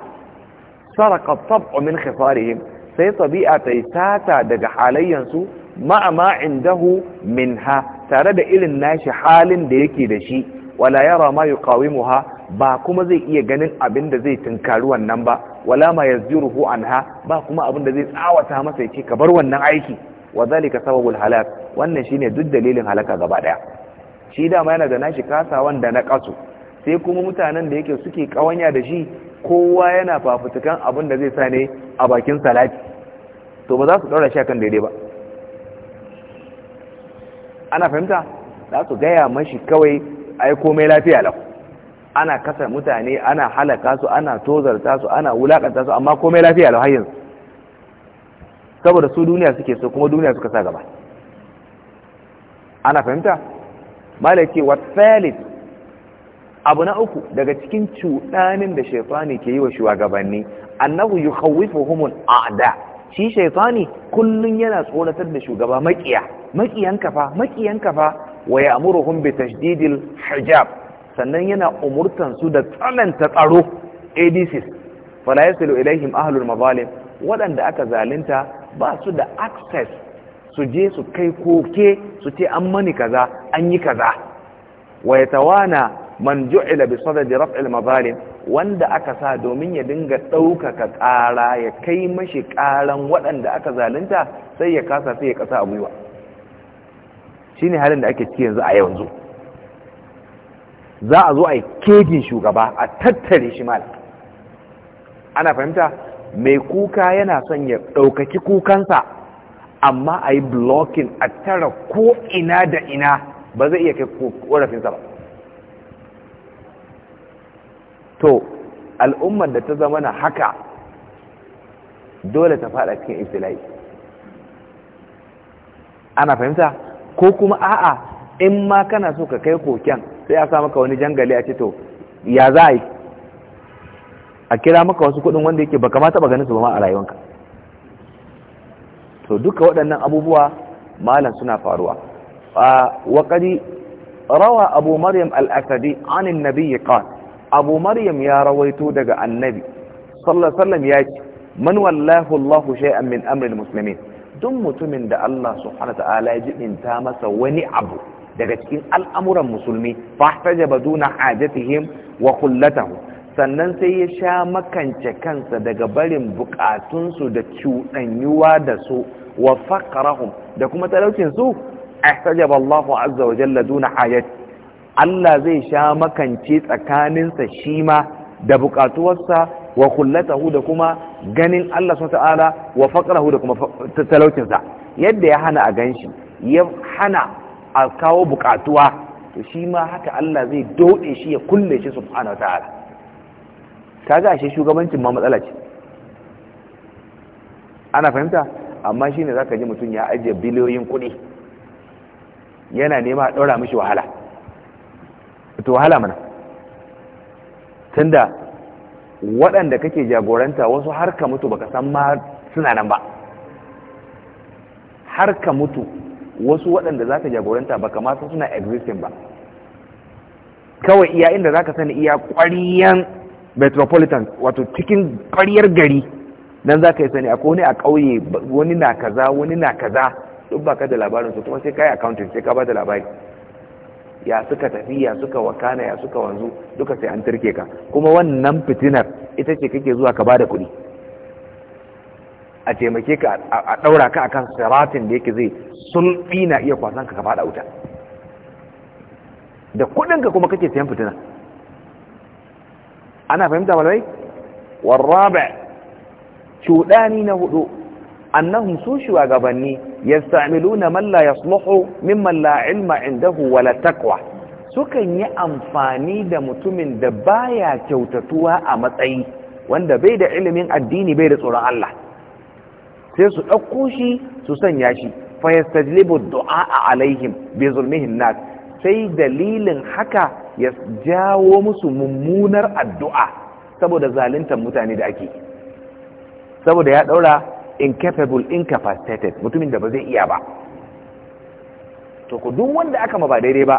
saraka tab'u min khifarihim sai tabi'a ta tata daga halayyansu ma'a ma indahu minha tare da irin nashi halin da yake da shi wala yara ma yuqawimuha ba kuma zai iya ganin abin da zai tunkari wannan ba wala ma yazjuruhu anha ba kuma abin da zai tsawata masa ya ce ka bar wannan aiki wa zalika sababul halak wannan shine duk dalilin halaka gaba daya shi dama yana da nashi kasawan da na kaso, sai kuma mutanen da yake suke kawanya da shi kowa yana fafutukan abin da zai sa ne a bakin salati to ba za su daura shi akan daidai ba ana fahimta za su gaya mashi kawai ai komai lafiya lau ana kasa mutane ana halaka su ana tozarta su ana wulakanta su amma komai lafiya lau har yanzu saboda su duniya suke so kuma duniya suka sa gaba ana fahimta Malaki ce abu na uku daga cikin cuɗanin da shaifani ke yi wa shugabanni annahu humun a'da shi shaifani kullum yana tsoratar da shugaba makiya Maƙiyan kafa. Maƙiyan kafa. wa ya'muruhum bi tashdidil hijab sannan yana umurtan su da tsananta tsaro Adc fala yasilu ilaihim ahlul mazalim waɗanda aka zalunta ba su da access su je su kai koke su ce an mani kaza an yi kaza wa tawana man ju'ila bi sadadi raf'il mazalim wanda aka sa domin ya dinga ɗaukaka ƙara ya kai mashi ƙaran waɗanda aka zalunta sai ya kasa sai ya kasa a gwiwa shi halin da ake ciki yanzu a yanzu za a zo a yi kejin shugaba a tattare shi mal. ana fahimta mai kuka yana son ya ɗaukaki kukansa amma a yi blocking a tara ko ina da ina ba zai iya kai korafinsa ba to al'ummar da ta zama na haka dole ta fada cikin isla'i ana fahimta ko kuma a'a in ma kana so ka kai koken sai a sa maka wani jangali a ce to ya za a yi a kira maka wasu kudin wanda yake ba kamata ba ganin su ba ma a rayuwanka to duka waɗannan abubuwa malan suna faruwa wa qadi rawa abu maryam al-asadi an an-nabi abu maryam ya rawaito daga annabi sallallahu ya wasallam yace man wallahu Allahu shay'an min amri al-muslimin duk mutumin da Allah subhanahu wa ta'ala ya masa wani abu daga cikin al'amuran musulmi fa tajaba duna hajatihim wa kullatahum sannan sai ya sha makance kansa daga barin bukatunsu da cuɗanyuwa da su wa faƙarahun da kuma talaucinsu a sajab Allah azza wa jalla duna ayat Allah zai sha makance tsakaninsa shi ma da bukatuwarsa wa kullatahu da kuma ganin Allah ta'ala wa faqrahu da kuma talaucinsa yadda ya hana a ganshi ya hana a kawo bukatuwa to shi ma haka Allah zai dode shi ya kulle shi subhanahu wa ta'ala Ka ga ashe shugabancin ma matsala ce ana fahimta amma shi ne za ka ji mutum ya ajiye biliyoyin kuɗi yana nema a ɗaura mishi wahala to wahala mana tunda waɗanda kake jagoranta wasu har ka mutu baka san ma suna nan ba har ka mutu wasu waɗanda za ka jagoranta ba kamata suna existing ba kawai iya inda za ka sani iya ƙwariyan metropolitan wato cikin ƙwaryar gari nan za ka yi sani akwai wani a ƙauye wani na kaza wani na kaza duk ba da labarin su kuma sai ka yi accounting sai ka ba da labari ya suka tafi ya suka wakana ya suka wanzu duka sai an turke ka kuma wannan fitinar ita ce kake zuwa ka ba da kuɗi a taimake ka a ɗaura ka akan saratin da yake zai sulfi na iya kwasan ka ka faɗa wuta da kuɗinka kuma kake sayan fitina ana fahimta malamai warrabe cuɗani na hudu annahum su shugabanni yastamiluna man la yasluhu mimman la ilma indahu wala taqwa sukan yi amfani da mutumin da baya kyautatuwa a matsayi wanda bai da ilimin addini bai da tsoron Allah sai su ɗauko shi su sanya shi fa yastajlibu du'a alaihim bi zulmihim nas sai dalilin haka ya jawo musu mummunar addu'a saboda zaluntar mutane da ake saboda ya daura incapable incapacitated mutumin da ba zai iya ba to ku duk wanda aka ma ba daidai ba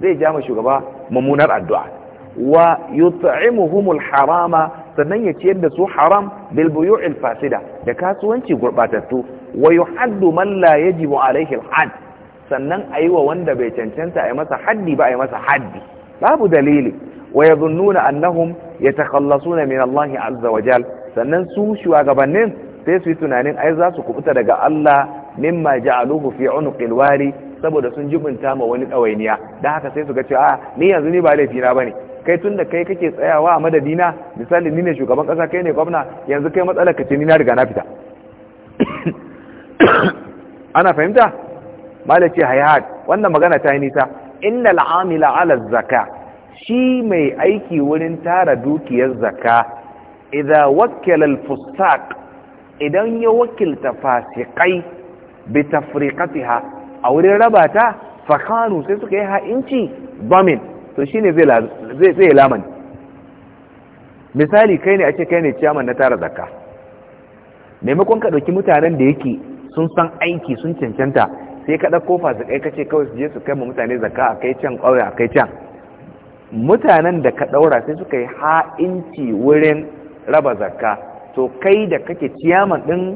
zai ja shugaba mummunar addu'a wa yut'imuhumul harama sannan ya ciyar da su haram bil buyu'il fasida da kasuwanci gurbatattu wa yuhaddu man la yajibu alaihi al sannan ayi wa wanda bai cancanta ayi masa haddi ba ayi masa haddi babu dalili wa yadhunnuna annahum yatakhallasuna min Allah azza wa jal sannan su shugabannin sai su yi tunanin ai za su kubuta daga Allah mimma ja'aluhu fi unqil wari saboda sun jibunta ma wani tsawainiya da haka sai su ga cewa ah, ni yanzu ni ba laifi na bane kai tunda kai kake tsayawa a madadina misali ni ne shugaban kasa kai ne gwamna yanzu kai matsalar ka ce ni na riga na fita *coughs* ana fahimta malaci hayat wannan magana ta yi nisa innal amila ala zaka shi mai aiki wurin tara dukiyar zaka idza wakkala al idan ya wakilta fasikai bi tafriqatiha a wurin rabata fakanu sai suka yi ha'inci bamin to shine zai zai laman misali kai ne a ce kai ne ciyaman na tara zaka? maimakon ka ɗauki mutanen da yake sun san aiki sun cancanta sai ka ɗauko fasikai kace kawai su je su kai ma mutane zakka a kai can ƙauye a kai can mutanen da ka ɗaura sai suka yi ha'inci wurin raba zakka to kai da kake ciyaman ɗin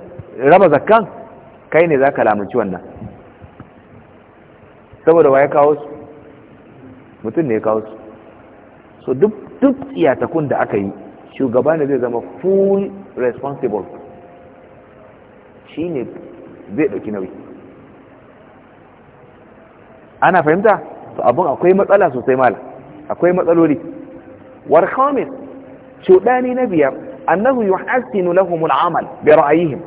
raba zakkan kai ne za ka lamunci wannan saboda waye kawo su mutum ne ya kawo su so duk tsiyatakun da aka yi shugaba ne zai zama full responsible shi ne zai ɗauki nauyi ana fahimta to abin akwai matsala sosai mala akwai matsaloli war khamis shudani na biyar annahu yuhassinu lahum al'amal bi ra'ayihim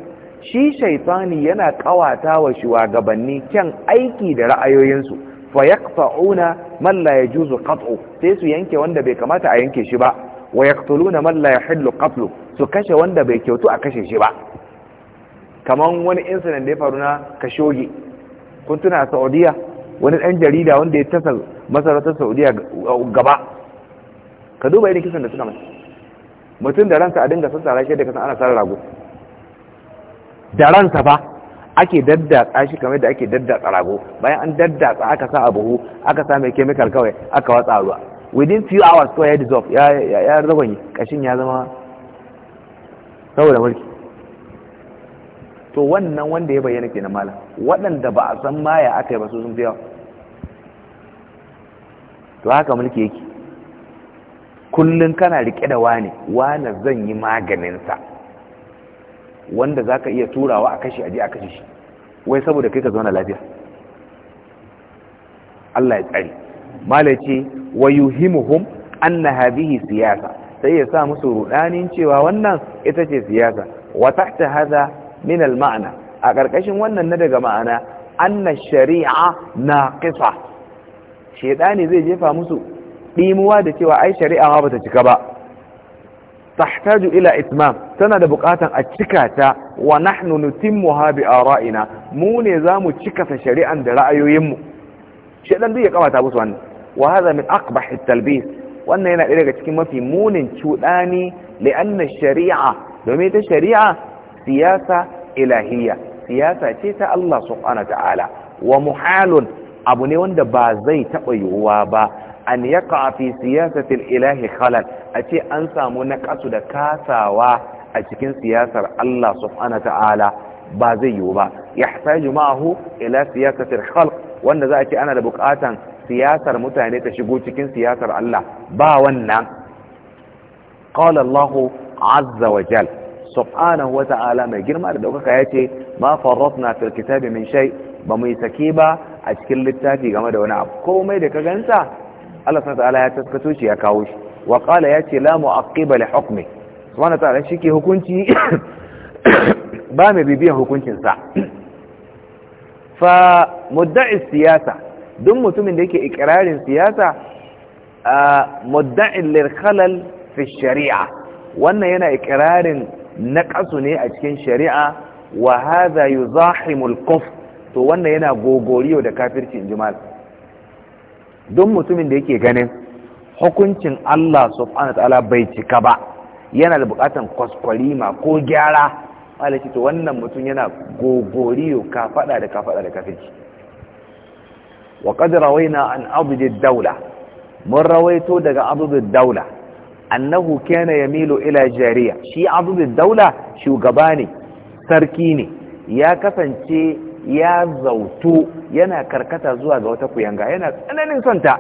shi shaytani yana ƙawata wa shugabanni kyan aiki da ra'ayoyinsu fa yaqta'una man la yajuzu qat'u sai su yanke wanda bai kamata a yanke shi ba wa yaqtuluna man la yahillu qatlu su kashe wanda bai kyautu a kashe shi ba kaman wani incident da ya faru na kashoge. kun tuna saudiya wani ɗan jarida wanda ya tasa masarautar saudiya gaba ka duba irin kisan da suna mai mutum da ransa a dinga sassara shi da kasan ana sarar rago da ransa ba ake daddatsa shi kamar da ake daddatsa rago bayan an daddatsa aka sa a buhu aka sa mai kemikal kawai aka watsa ruwa within few hours to ya dissolve ya ya rabanye kashin ya zama saboda mulki to wannan wanda ya bayyana kenan malam waɗanda ba a san maya aka yi ba su sun fi to haka mulki yake kullum kana riƙe da wane wane zan yi maganinsa wanda za ka iya turawa a kashe aji a kashe shi wai saboda kai ka zauna lafiya Allah ya tsari mala ce wa yuhimuhum anna hadhihi siyasa sai ya sa musu rudanin cewa wannan ita ce siyasa wa tahta hadha min al-ma'na a ƙarƙashin wannan na daga ma'ana na shari'a na ƙisa shaidani zai jefa musu ɗimuwa da cewa ai shari'a ma bata cika ba tahtaju ila itmam tana da buƙatan a cika ta wa nahnu nutimmuha bi ara'ina mu ne zamu cika ta shari'an da ra'ayoyinmu shaidan zai ya kamata musu wannan wa hadha min aqbah at-talbis wannan yana ɗaya daga cikin mafi munin cuɗani li'anna shari'a domin ta shari'a siyasa ilahiyya siyasa ce ta Allah subhanahu ta'ala wa muhalun abu ne wanda ba zai taɓa yiwuwa ba an yaqa fi siyasatil ilahi khalal a ce an samu naqasu da kasawa a cikin siyasar Allah subhanahu ta'ala ba zai yiwu ba yahtaju ma'ahu ila siyasatil khalq wanda za a ce ana da bukatan siyasar mutane ta shigo cikin siyasar Allah ba wannan qala Allahu azza wa jal subhanahu wa ta'ala mai girma da daukaka yace ma farratna fil kitabi min shay ba mu sake ba a cikin littafi game da wani abu komai da ka gansa Allah subhanahu ta'ala ya taskato shi ya kawo shi wa qala ya ce la mu'aqqiba li hukmi subhanahu ta'ala shi ke hukunci ba mai bibiyan hukuncin sa fa mudda'i siyasa duk mutumin da yake ikirarin siyasa mudda'in lil khalal fi shari'a wannan yana iƙirarin naƙasu ne a cikin shari'a wa hadha yuzahimul to wannan yana gogoriyo da kafirci in jimal don mutumin da yake ganin hukuncin Allah subhanahu ta'ala bai cika ba yana da bukatan kwaskwarima ko gyara malaki to wannan mutum yana gogoriyo ka fada da ka fada da kafirci wa qad rawaina an abd daula, mun rawaito daga abd daula, annahu kana yamilu ila jariya shi abd daula shugaba ne sarki ne ya kasance ya zautu yana karkata zuwa ga wata kuyanga yana tsananin santa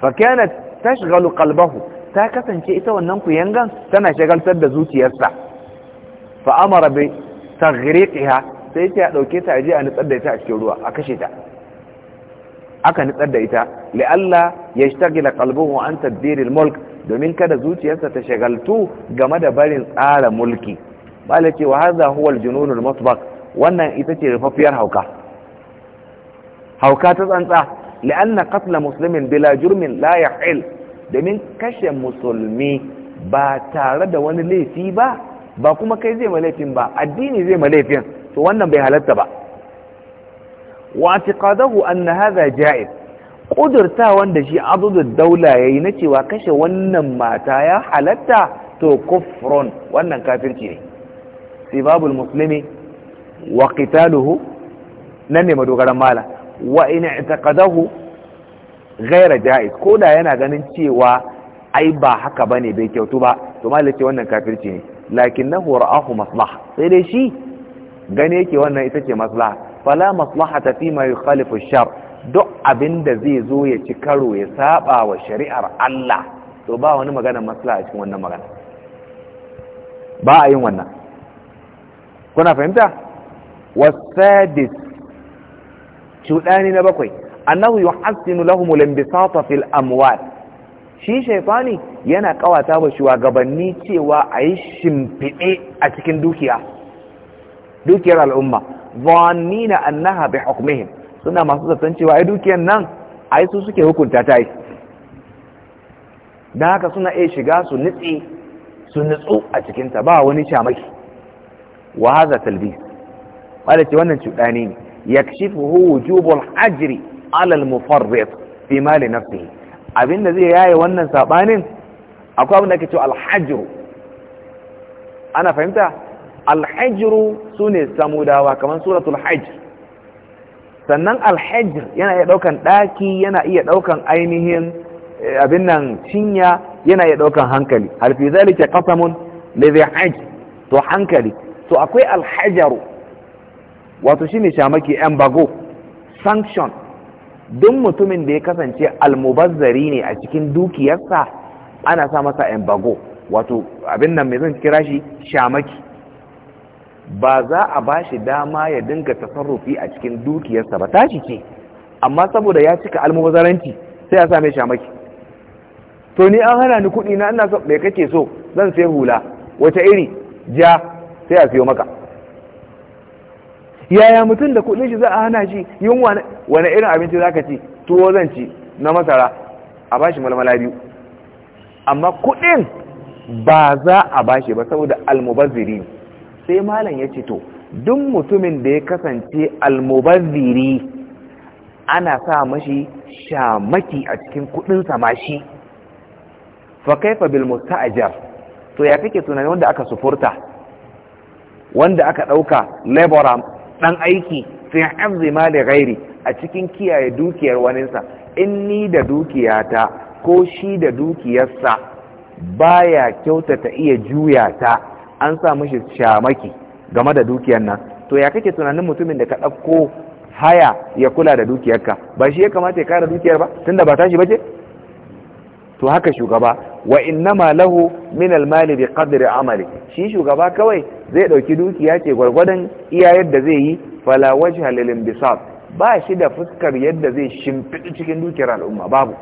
ta tashghalu kalbahu ta kasance ita wannan kuyangan tana shagaltar da zuciyarsa fa amara bi taghriqiha sai ta ɗauke ta a nutsar da ita a cikin ruwa a kashe ta aka nutsar da ita la'alla yashtagila qalbuhu an tabbirin mulk domin kada zuciyarsa ta shagaltu game da barin tsara mulki bala ce wa hadha huwa al wannan ita ce rufaffiyar hauka hauka ta tsantsa la'anna qatla muslimin bila jurmin la ya'il domin kashe musulmi ba tare da wani laifi ba ba kuma kai zai malaifin ba addini zai malaifin to wannan bai halatta ba wa atiqadahu anna hadha ja'iz ƙudurtawan wanda shi adudud daula yayi na cewa kashe wannan mata ya halatta to kufrun wannan kafirci ne sibabul muslimi wa qitaluhu nan ne madogaran mala wa in i'taqadahu gaira jaiz ko da yana ganin cewa ai ba haka bane bai kyautu ba to ce wannan kafirci ne lakinnahu ra'ahu maslaha sai dai shi gane yake wannan ita ce maslaha fala maslahata fi ma yukhalifu shar duk abinda zai zo ya ci karo ya saba wa shari'ar Allah to ba wani magana maslaha cikin wannan magana ba a yin wannan kuna fahimta wasadis cuɗani na bakwai annahu yuhassinu lahum al-inbisata fil amwal shi shaytani yana kawata wa shugabanni cewa ayi shimfide a cikin dukiya dukiyar al'umma dhannina annaha bi hukmihim suna masu zaton cewa ai dukiyar nan ai su suke hukunta ta yi da haka suna iya shiga su nitsi su nitsu a cikinta ba wani shamaki wa hadha talbis wala ce wannan cudani ne yakshifuhu wujubul ajri ala al fi mali nafsihi abinda zai yaye wannan sabanin akwai abin da ke cewa al ana fahimta al hajru sune samudawa kamar suratul hajr sannan al hajr yana iya daukan daki yana iya ɗaukan ainihin eh, abin nan cinya yana iya ɗaukan hankali hal kasamun zalika qasamun li hajj to hankali to akwai alhajaru wato shine shamaki bago. sanction duk mutumin da ya kasance almubazzari ne a cikin dukiyarsa ana sa masa bago wato abin nan mai zan kira shi shamaki ba za a ba shi dama ya dinga tasarrufi a cikin dukiyarsa ba tashi ce amma saboda ya cika almubazzaranci sai ya sa mai shamaki to ni an hana ni kuɗi na ina so me kake so zan sai hula wata iri ja sai a siyo maka yaya mutum da kudin shi za a hana shi yin wane irin abinci za ka ci tuwo zan ci na masara a bashi malmala biyu amma kudin ba za a bashi ba saboda almubaziri sai malam ya ce to duk mutumin da ya kasance almubaziri ana sa mashi shamaki a cikin kudin samashi fa kaifa bil musta'jar to ya kake tunanin wanda aka sufurta wanda aka ɗauka leboram ɗan aiki fi hafzi ma da gairi a cikin kiyaye dukiyar waninsa in ni da dukiyata ko shi da dukiyarsa baya kyautata iya juya ta an sa mashi shamaki game da dukiyar nan to ya kake tunanin mutumin da ka ɗauko haya ya kula da dukiyarka ba shi ya kamata ya kara dukiyar ba tunda ba tashi bace to haka shugaba wa innama lahu min almali bi qadri amali shi shugaba kawai zai dauki dukiya ce gurgurdan iya yadda zai yi fala wajha lil ba shi da fuskar yadda zai shimfidi cikin dukiyar al'umma babu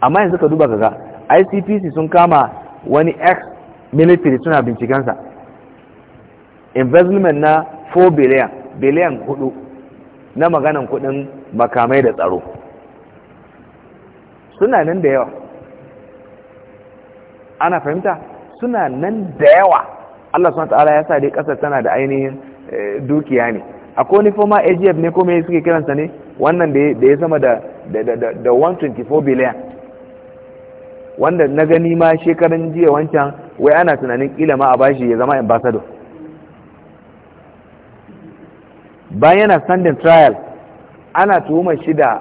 amma yanzu ka duba kaga ICPC sun kama wani ex military suna bincikensa investment na 4 billion biliyan hudu na maganan kudin makamai da tsaro suna nan da yawa ana fahimta suna nan da yawa Allah suna ta'ala ya sa dai kasar tana da ainihin eh, dukiya ne akwai wani foma AGF ne ko me suke kiransa ne wannan da ya sama da 124 biliyan wanda na gani ma shekarun jiya wancan wai ana tunanin kila ma a bashi ya zama ambassador bayan yana standing trial ana tuhumar shida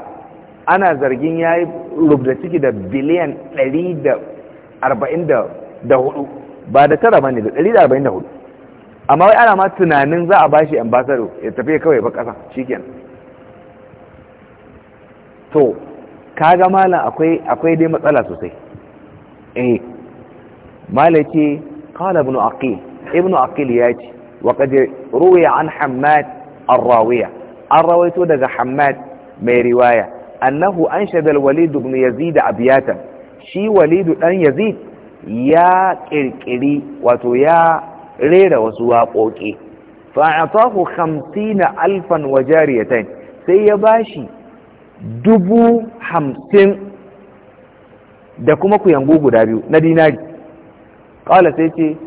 ana zargin ya yi rubda ciki da biliyan arba'in da hudu ba da tara ba ne da ɗari da da hudu amma wai ana ma tunanin za a ba shi ambasado ya tafi kawai ba ƙasa shi to kaga malam akwai akwai dai matsala sosai eh malaki qala ibn aqil ibn aqil ce wa qad ruwiya an hammad ar-rawiya an rawaito daga hammad mai riwaya annahu anshada al-walid ibn yazid abiyatan shi walidu ɗan yazid ya ƙirƙiri wato ya rera wasu waƙoƙi fa'atahu hamsina alfan wa jariyatain sai ya bashi dubu hamsin da kuma kuyangu guda biyu na dinari ƙala sai ce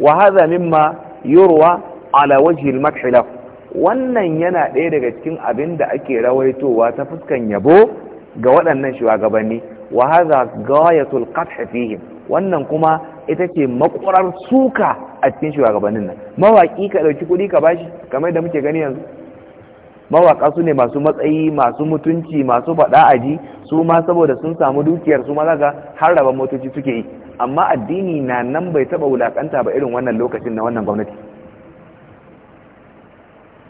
wa haza mimma yurwa ala wajhil madhilaf wannan yana ɗaya daga cikin abin da ake rawaitowa ta fuskan yabo ga waɗannan shugabanni wa haza ghayatul qadh fihim wannan kuma ita ce makurar suka a cikin shugabannin nan mawaki ka dauki kudi ka bashi kamar da muke gani yanzu mawaka su ne masu matsayi masu mutunci masu faɗa aji su ma saboda sun samu dukiyar su ma zaga har raba motoci suke yi amma addini na nan bai taba wulakanta ba irin wannan lokacin na wannan gwamnati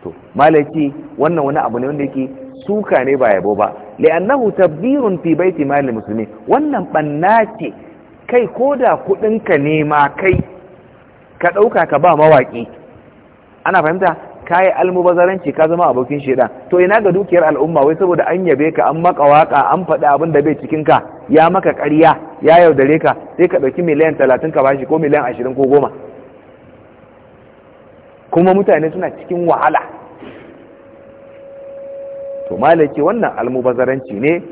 to malaki wannan wani abu ne wanda yake suka ne ba yabo ba li'annahu tabdirun fi baiti mali musulmi wannan banna ce kai koda kudin ka ma kai ka dauka ka ba mawaki ana fahimta kai almubazaranci ka zama abokin sheda to ina ga dukiyar al'umma wai saboda an yabe ka an maka waka an faɗi abin da bai cikin ka ya maka ƙarya ya yaudare ka sai ka ɗauki miliyan talatin ka bashi ko miliyan 20 ko goma. kuma mutane suna cikin wahala to malaki wannan almubazaranci ne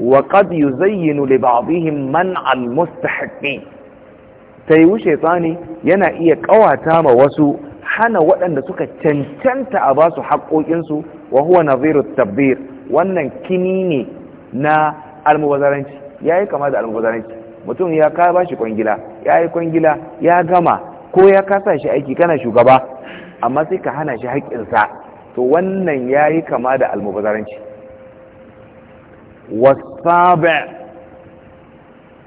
wa qad yuzayyinu li ba'dihim man al mustahiqi tayu shaytani yana iya kawata ma wasu hana waɗanda suka cancanta a basu haƙoƙinsu wa huwa nadhiru tabbir wannan kini ne na almubazaranci yayi kama da almubazaranci mutum ya ka bashi kwangila yayi kwangila ya gama ko ya kasa shi aiki kana shugaba amma sai ka hana shi haƙƙinsa to wannan ya yi kama da almubazaranci wasabi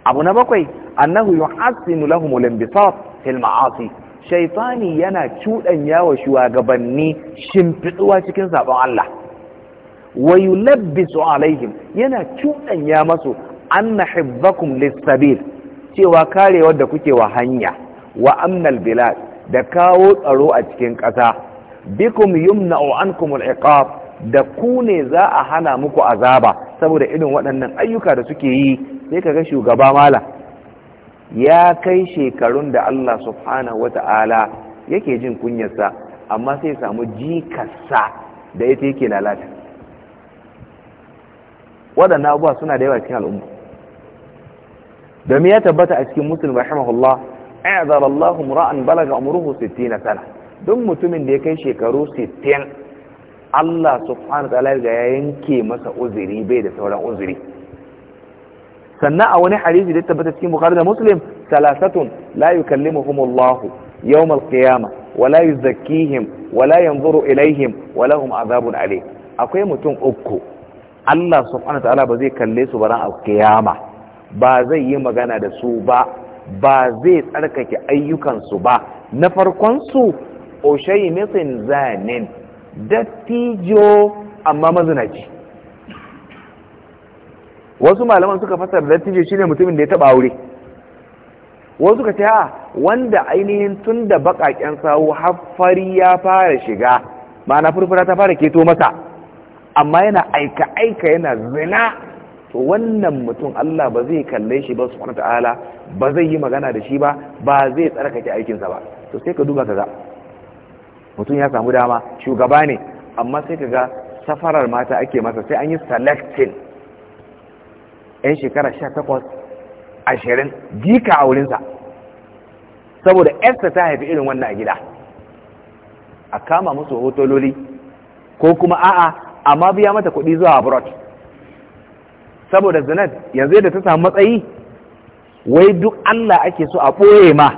abu na bakwai annahu yuhassinu lahum al-inbisat fil ma'asi shaytani yana cuɗanya wa shugabanni shimfiɗuwa cikin sabon Allah wa yulabbisu alaihim yana cuɗanya masu anna hibbakum lissabil cewa karewar da kuke wa hanya wa amnal bilad da kawo tsaro a cikin ƙasa bikum yumna'u ankum al-iqab da ku ne za a hana muku azaba saboda irin waɗannan ayyuka da suke yi sai kaga shugaba mala ya kai shekarun da Allah subhanahu wata'ala yake jin kunyarsa amma sai samu jikarsa da ita yake lalata waɗannan abuwa suna da yawa cikin al'umma domin ya tabbata a cikin muslim rahimahullah a'azar mura'an balaga umruhu 60 sana don mutumin da ya kai shekaru 60 Allah subhanahu ta'ala ya yanke masa uzuri bai da sauran uzuri sannan a wani hadisi da tabbata cikin bukhari da muslim salasatun la yukallimuhum Allah yawm al-qiyamah wa la yuzakkihim wa la yanzuru ilaihim wa lahum azabun alim akwai mutum uku Allah subhanahu ta'ala ba zai kalle su baran al-qiyama ba zai yi magana da su ba ba zai tsarkake ayyukansu ba na farkon su ushaynithin zanen dattijo amma mazinaci wasu malaman suka fasar dattijo shine mutumin da ya taba aure wasu ka ce wanda ainihin tun da bakaken sawu haffari ya fara shiga ma'ana furfura ta fara keto masa amma yana aika aika yana zina to wannan mutum Allah ba zai kalle shi ba subhanahu ta'ala ba zai yi magana da shi ba ba zai tsarkake aikinsa ba to sai ka duba kaza mutum ya samu dama shugaba ne amma sai ka ga safarar mata ake masa sai an yi selectin yan shekara takwas ashirin jika a wurinsa saboda yarsa ta haifi irin wannan a gida a kama musu hotololi ko kuma a'a amma biya mata kuɗi zuwa abroad saboda zinat yanzu yadda ta samu matsayi wai duk Allah ake so a ɓoye ma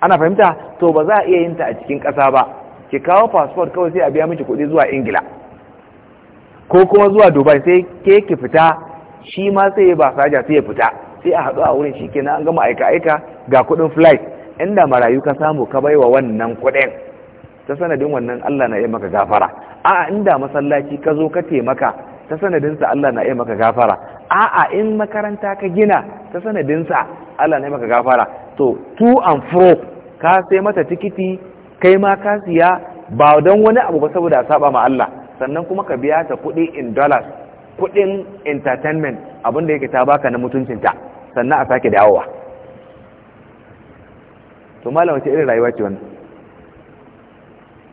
ana fahimta to ba za a iya yinta a cikin ƙasa ba ki kawo passport kawai sai a biya miki kuɗi zuwa ingila ko kuma zuwa dubai sai ke ki fita shi ma sai ba saja sai ya fita sai a haɗu a wurin shi kenan an gama aika aika ga kuɗin flight inda marayu ka samu ka bai wa wannan kuɗin ta sanadin wannan Allah na iya maka gafara a inda masallaci ka zo ka taimaka ta sanadinsa Allah na iya maka gafara a'a in makaranta ka gina ta sanadinsa Allah na iya maka gafara to to and fro ka sai mata tikiti kai ma ka siya ba don wani abu ba saboda saba ma Allah sannan kuma ka biya ta kuɗi in dollars kuɗin entertainment abinda yake ta baka na mutuncinta sannan a sake dawowa to malam wace irin rayuwa ce wannan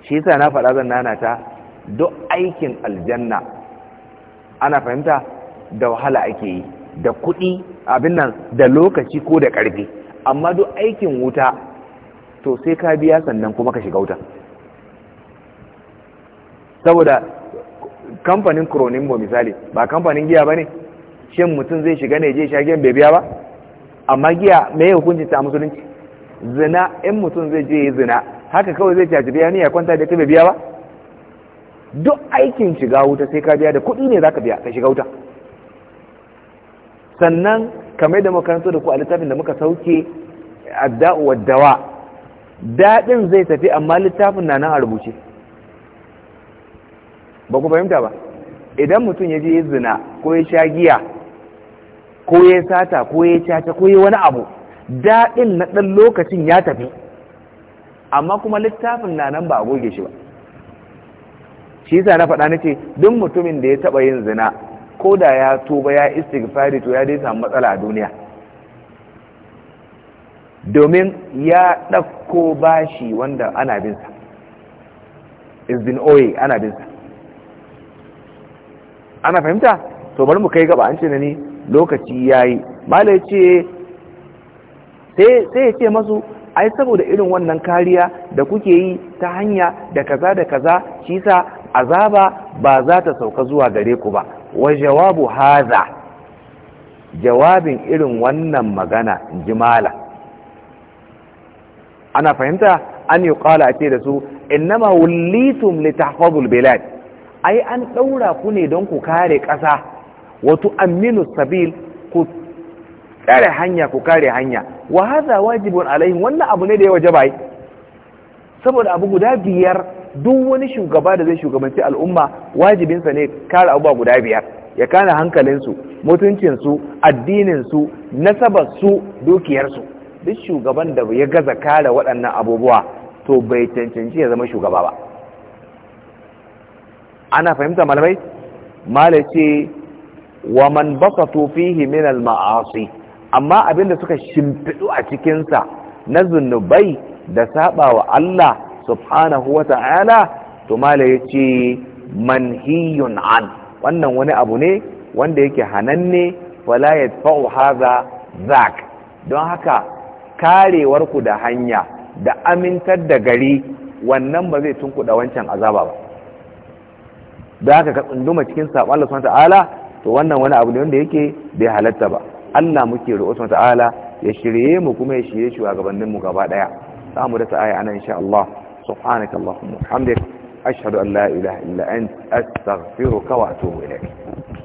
shi yasa na faɗa zan nana ta duk aikin aljanna ana fahimta da wahala ake yi da kuɗi abin nan da lokaci ko da ƙarfi amma duk aikin wuta to sai ka biya sannan kuma ka shiga wuta saboda kamfanin kronimbo misali ba kamfanin giya ba ne shin mutum zai shiga ne je shagen bai biya ba amma giya mai hukunci ta musulunci zina in mutum zai je zina haka kawai zai caji biya ne ya kwanta da ta bai biya ba duk aikin shiga wuta sai ka biya da kuɗi ne za ka biya ka shiga wuta sannan kamar da muka da ku a littafin da muka sauke adda'u wa dawa daɗin zai tafi amma littafin na nan a rubuce ba ku fahimta ba idan mutum ya je ya zina ko ya sha giya ko ya sata ko ya caca ko ya wani abu daɗin na ɗan lokacin ya tafi amma kuma littafin na nan ba a goge shi ba shi yasa na faɗa nace duk mutumin da ya taɓa yin zina ko da ya tuba ya istighfari to ya dai samu matsala a duniya domin ya ɗauko bashi wanda ana binsa izbin oye ana binsa ana fahimta to bari mu kai gaba an ce na ni lokaci ya yi malai ce sai ya ce masu ai saboda irin wannan kariya da kuke yi ta hanya da kaza da kaza shi sa azaba ba za ta sauka zuwa gare ku ba wa jawabu haza jawabin irin wannan magana jimala ana fahimta an yi kala a ce da su innama wullitum li tahfazul bilad ai an ɗaura ku ne don ku kare ƙasa wato aminu sabil ku kare hanya ku kare hanya wa hadha wajibun alaihim wannan abu ne da ya wajaba yi saboda abu guda biyar duk wani shugaba da zai shugabanci al'umma wajibinsa ne kare abubuwa guda biyar ya kana hankalinsu mutuncinsu addininsu nasabarsu dukiyarsu duk shugaban da ya gaza kare waɗannan abubuwa to bai cancanci ya zama shugaba ba ana fahimta malamai mala ce wa man basatu fihi min al ma'asi amma abinda suka shimfiɗu a cikinsa na zunubai da saɓa wa Allah subhanahu wa ta'ala to ce, yace manhiyun an wannan wani abu ne wanda yake hananne wala yadfa'u hadha zak don haka karewar ku da hanya da amintar da gari wannan ba zai tunkuda wancan azaba ba da haka ka tsunduma cikin sabon Allah SWT to wannan wani abu ne wanda yake bai halatta ba Allah muke ruwa SWT ya shirye mu kuma ya shirye shi a mu gaba daya samu da ta'aya anan insha Allah subhanaka allahumma hamdika ashhadu an la ilaha illa anta astaghfiruka wa atubu ilaik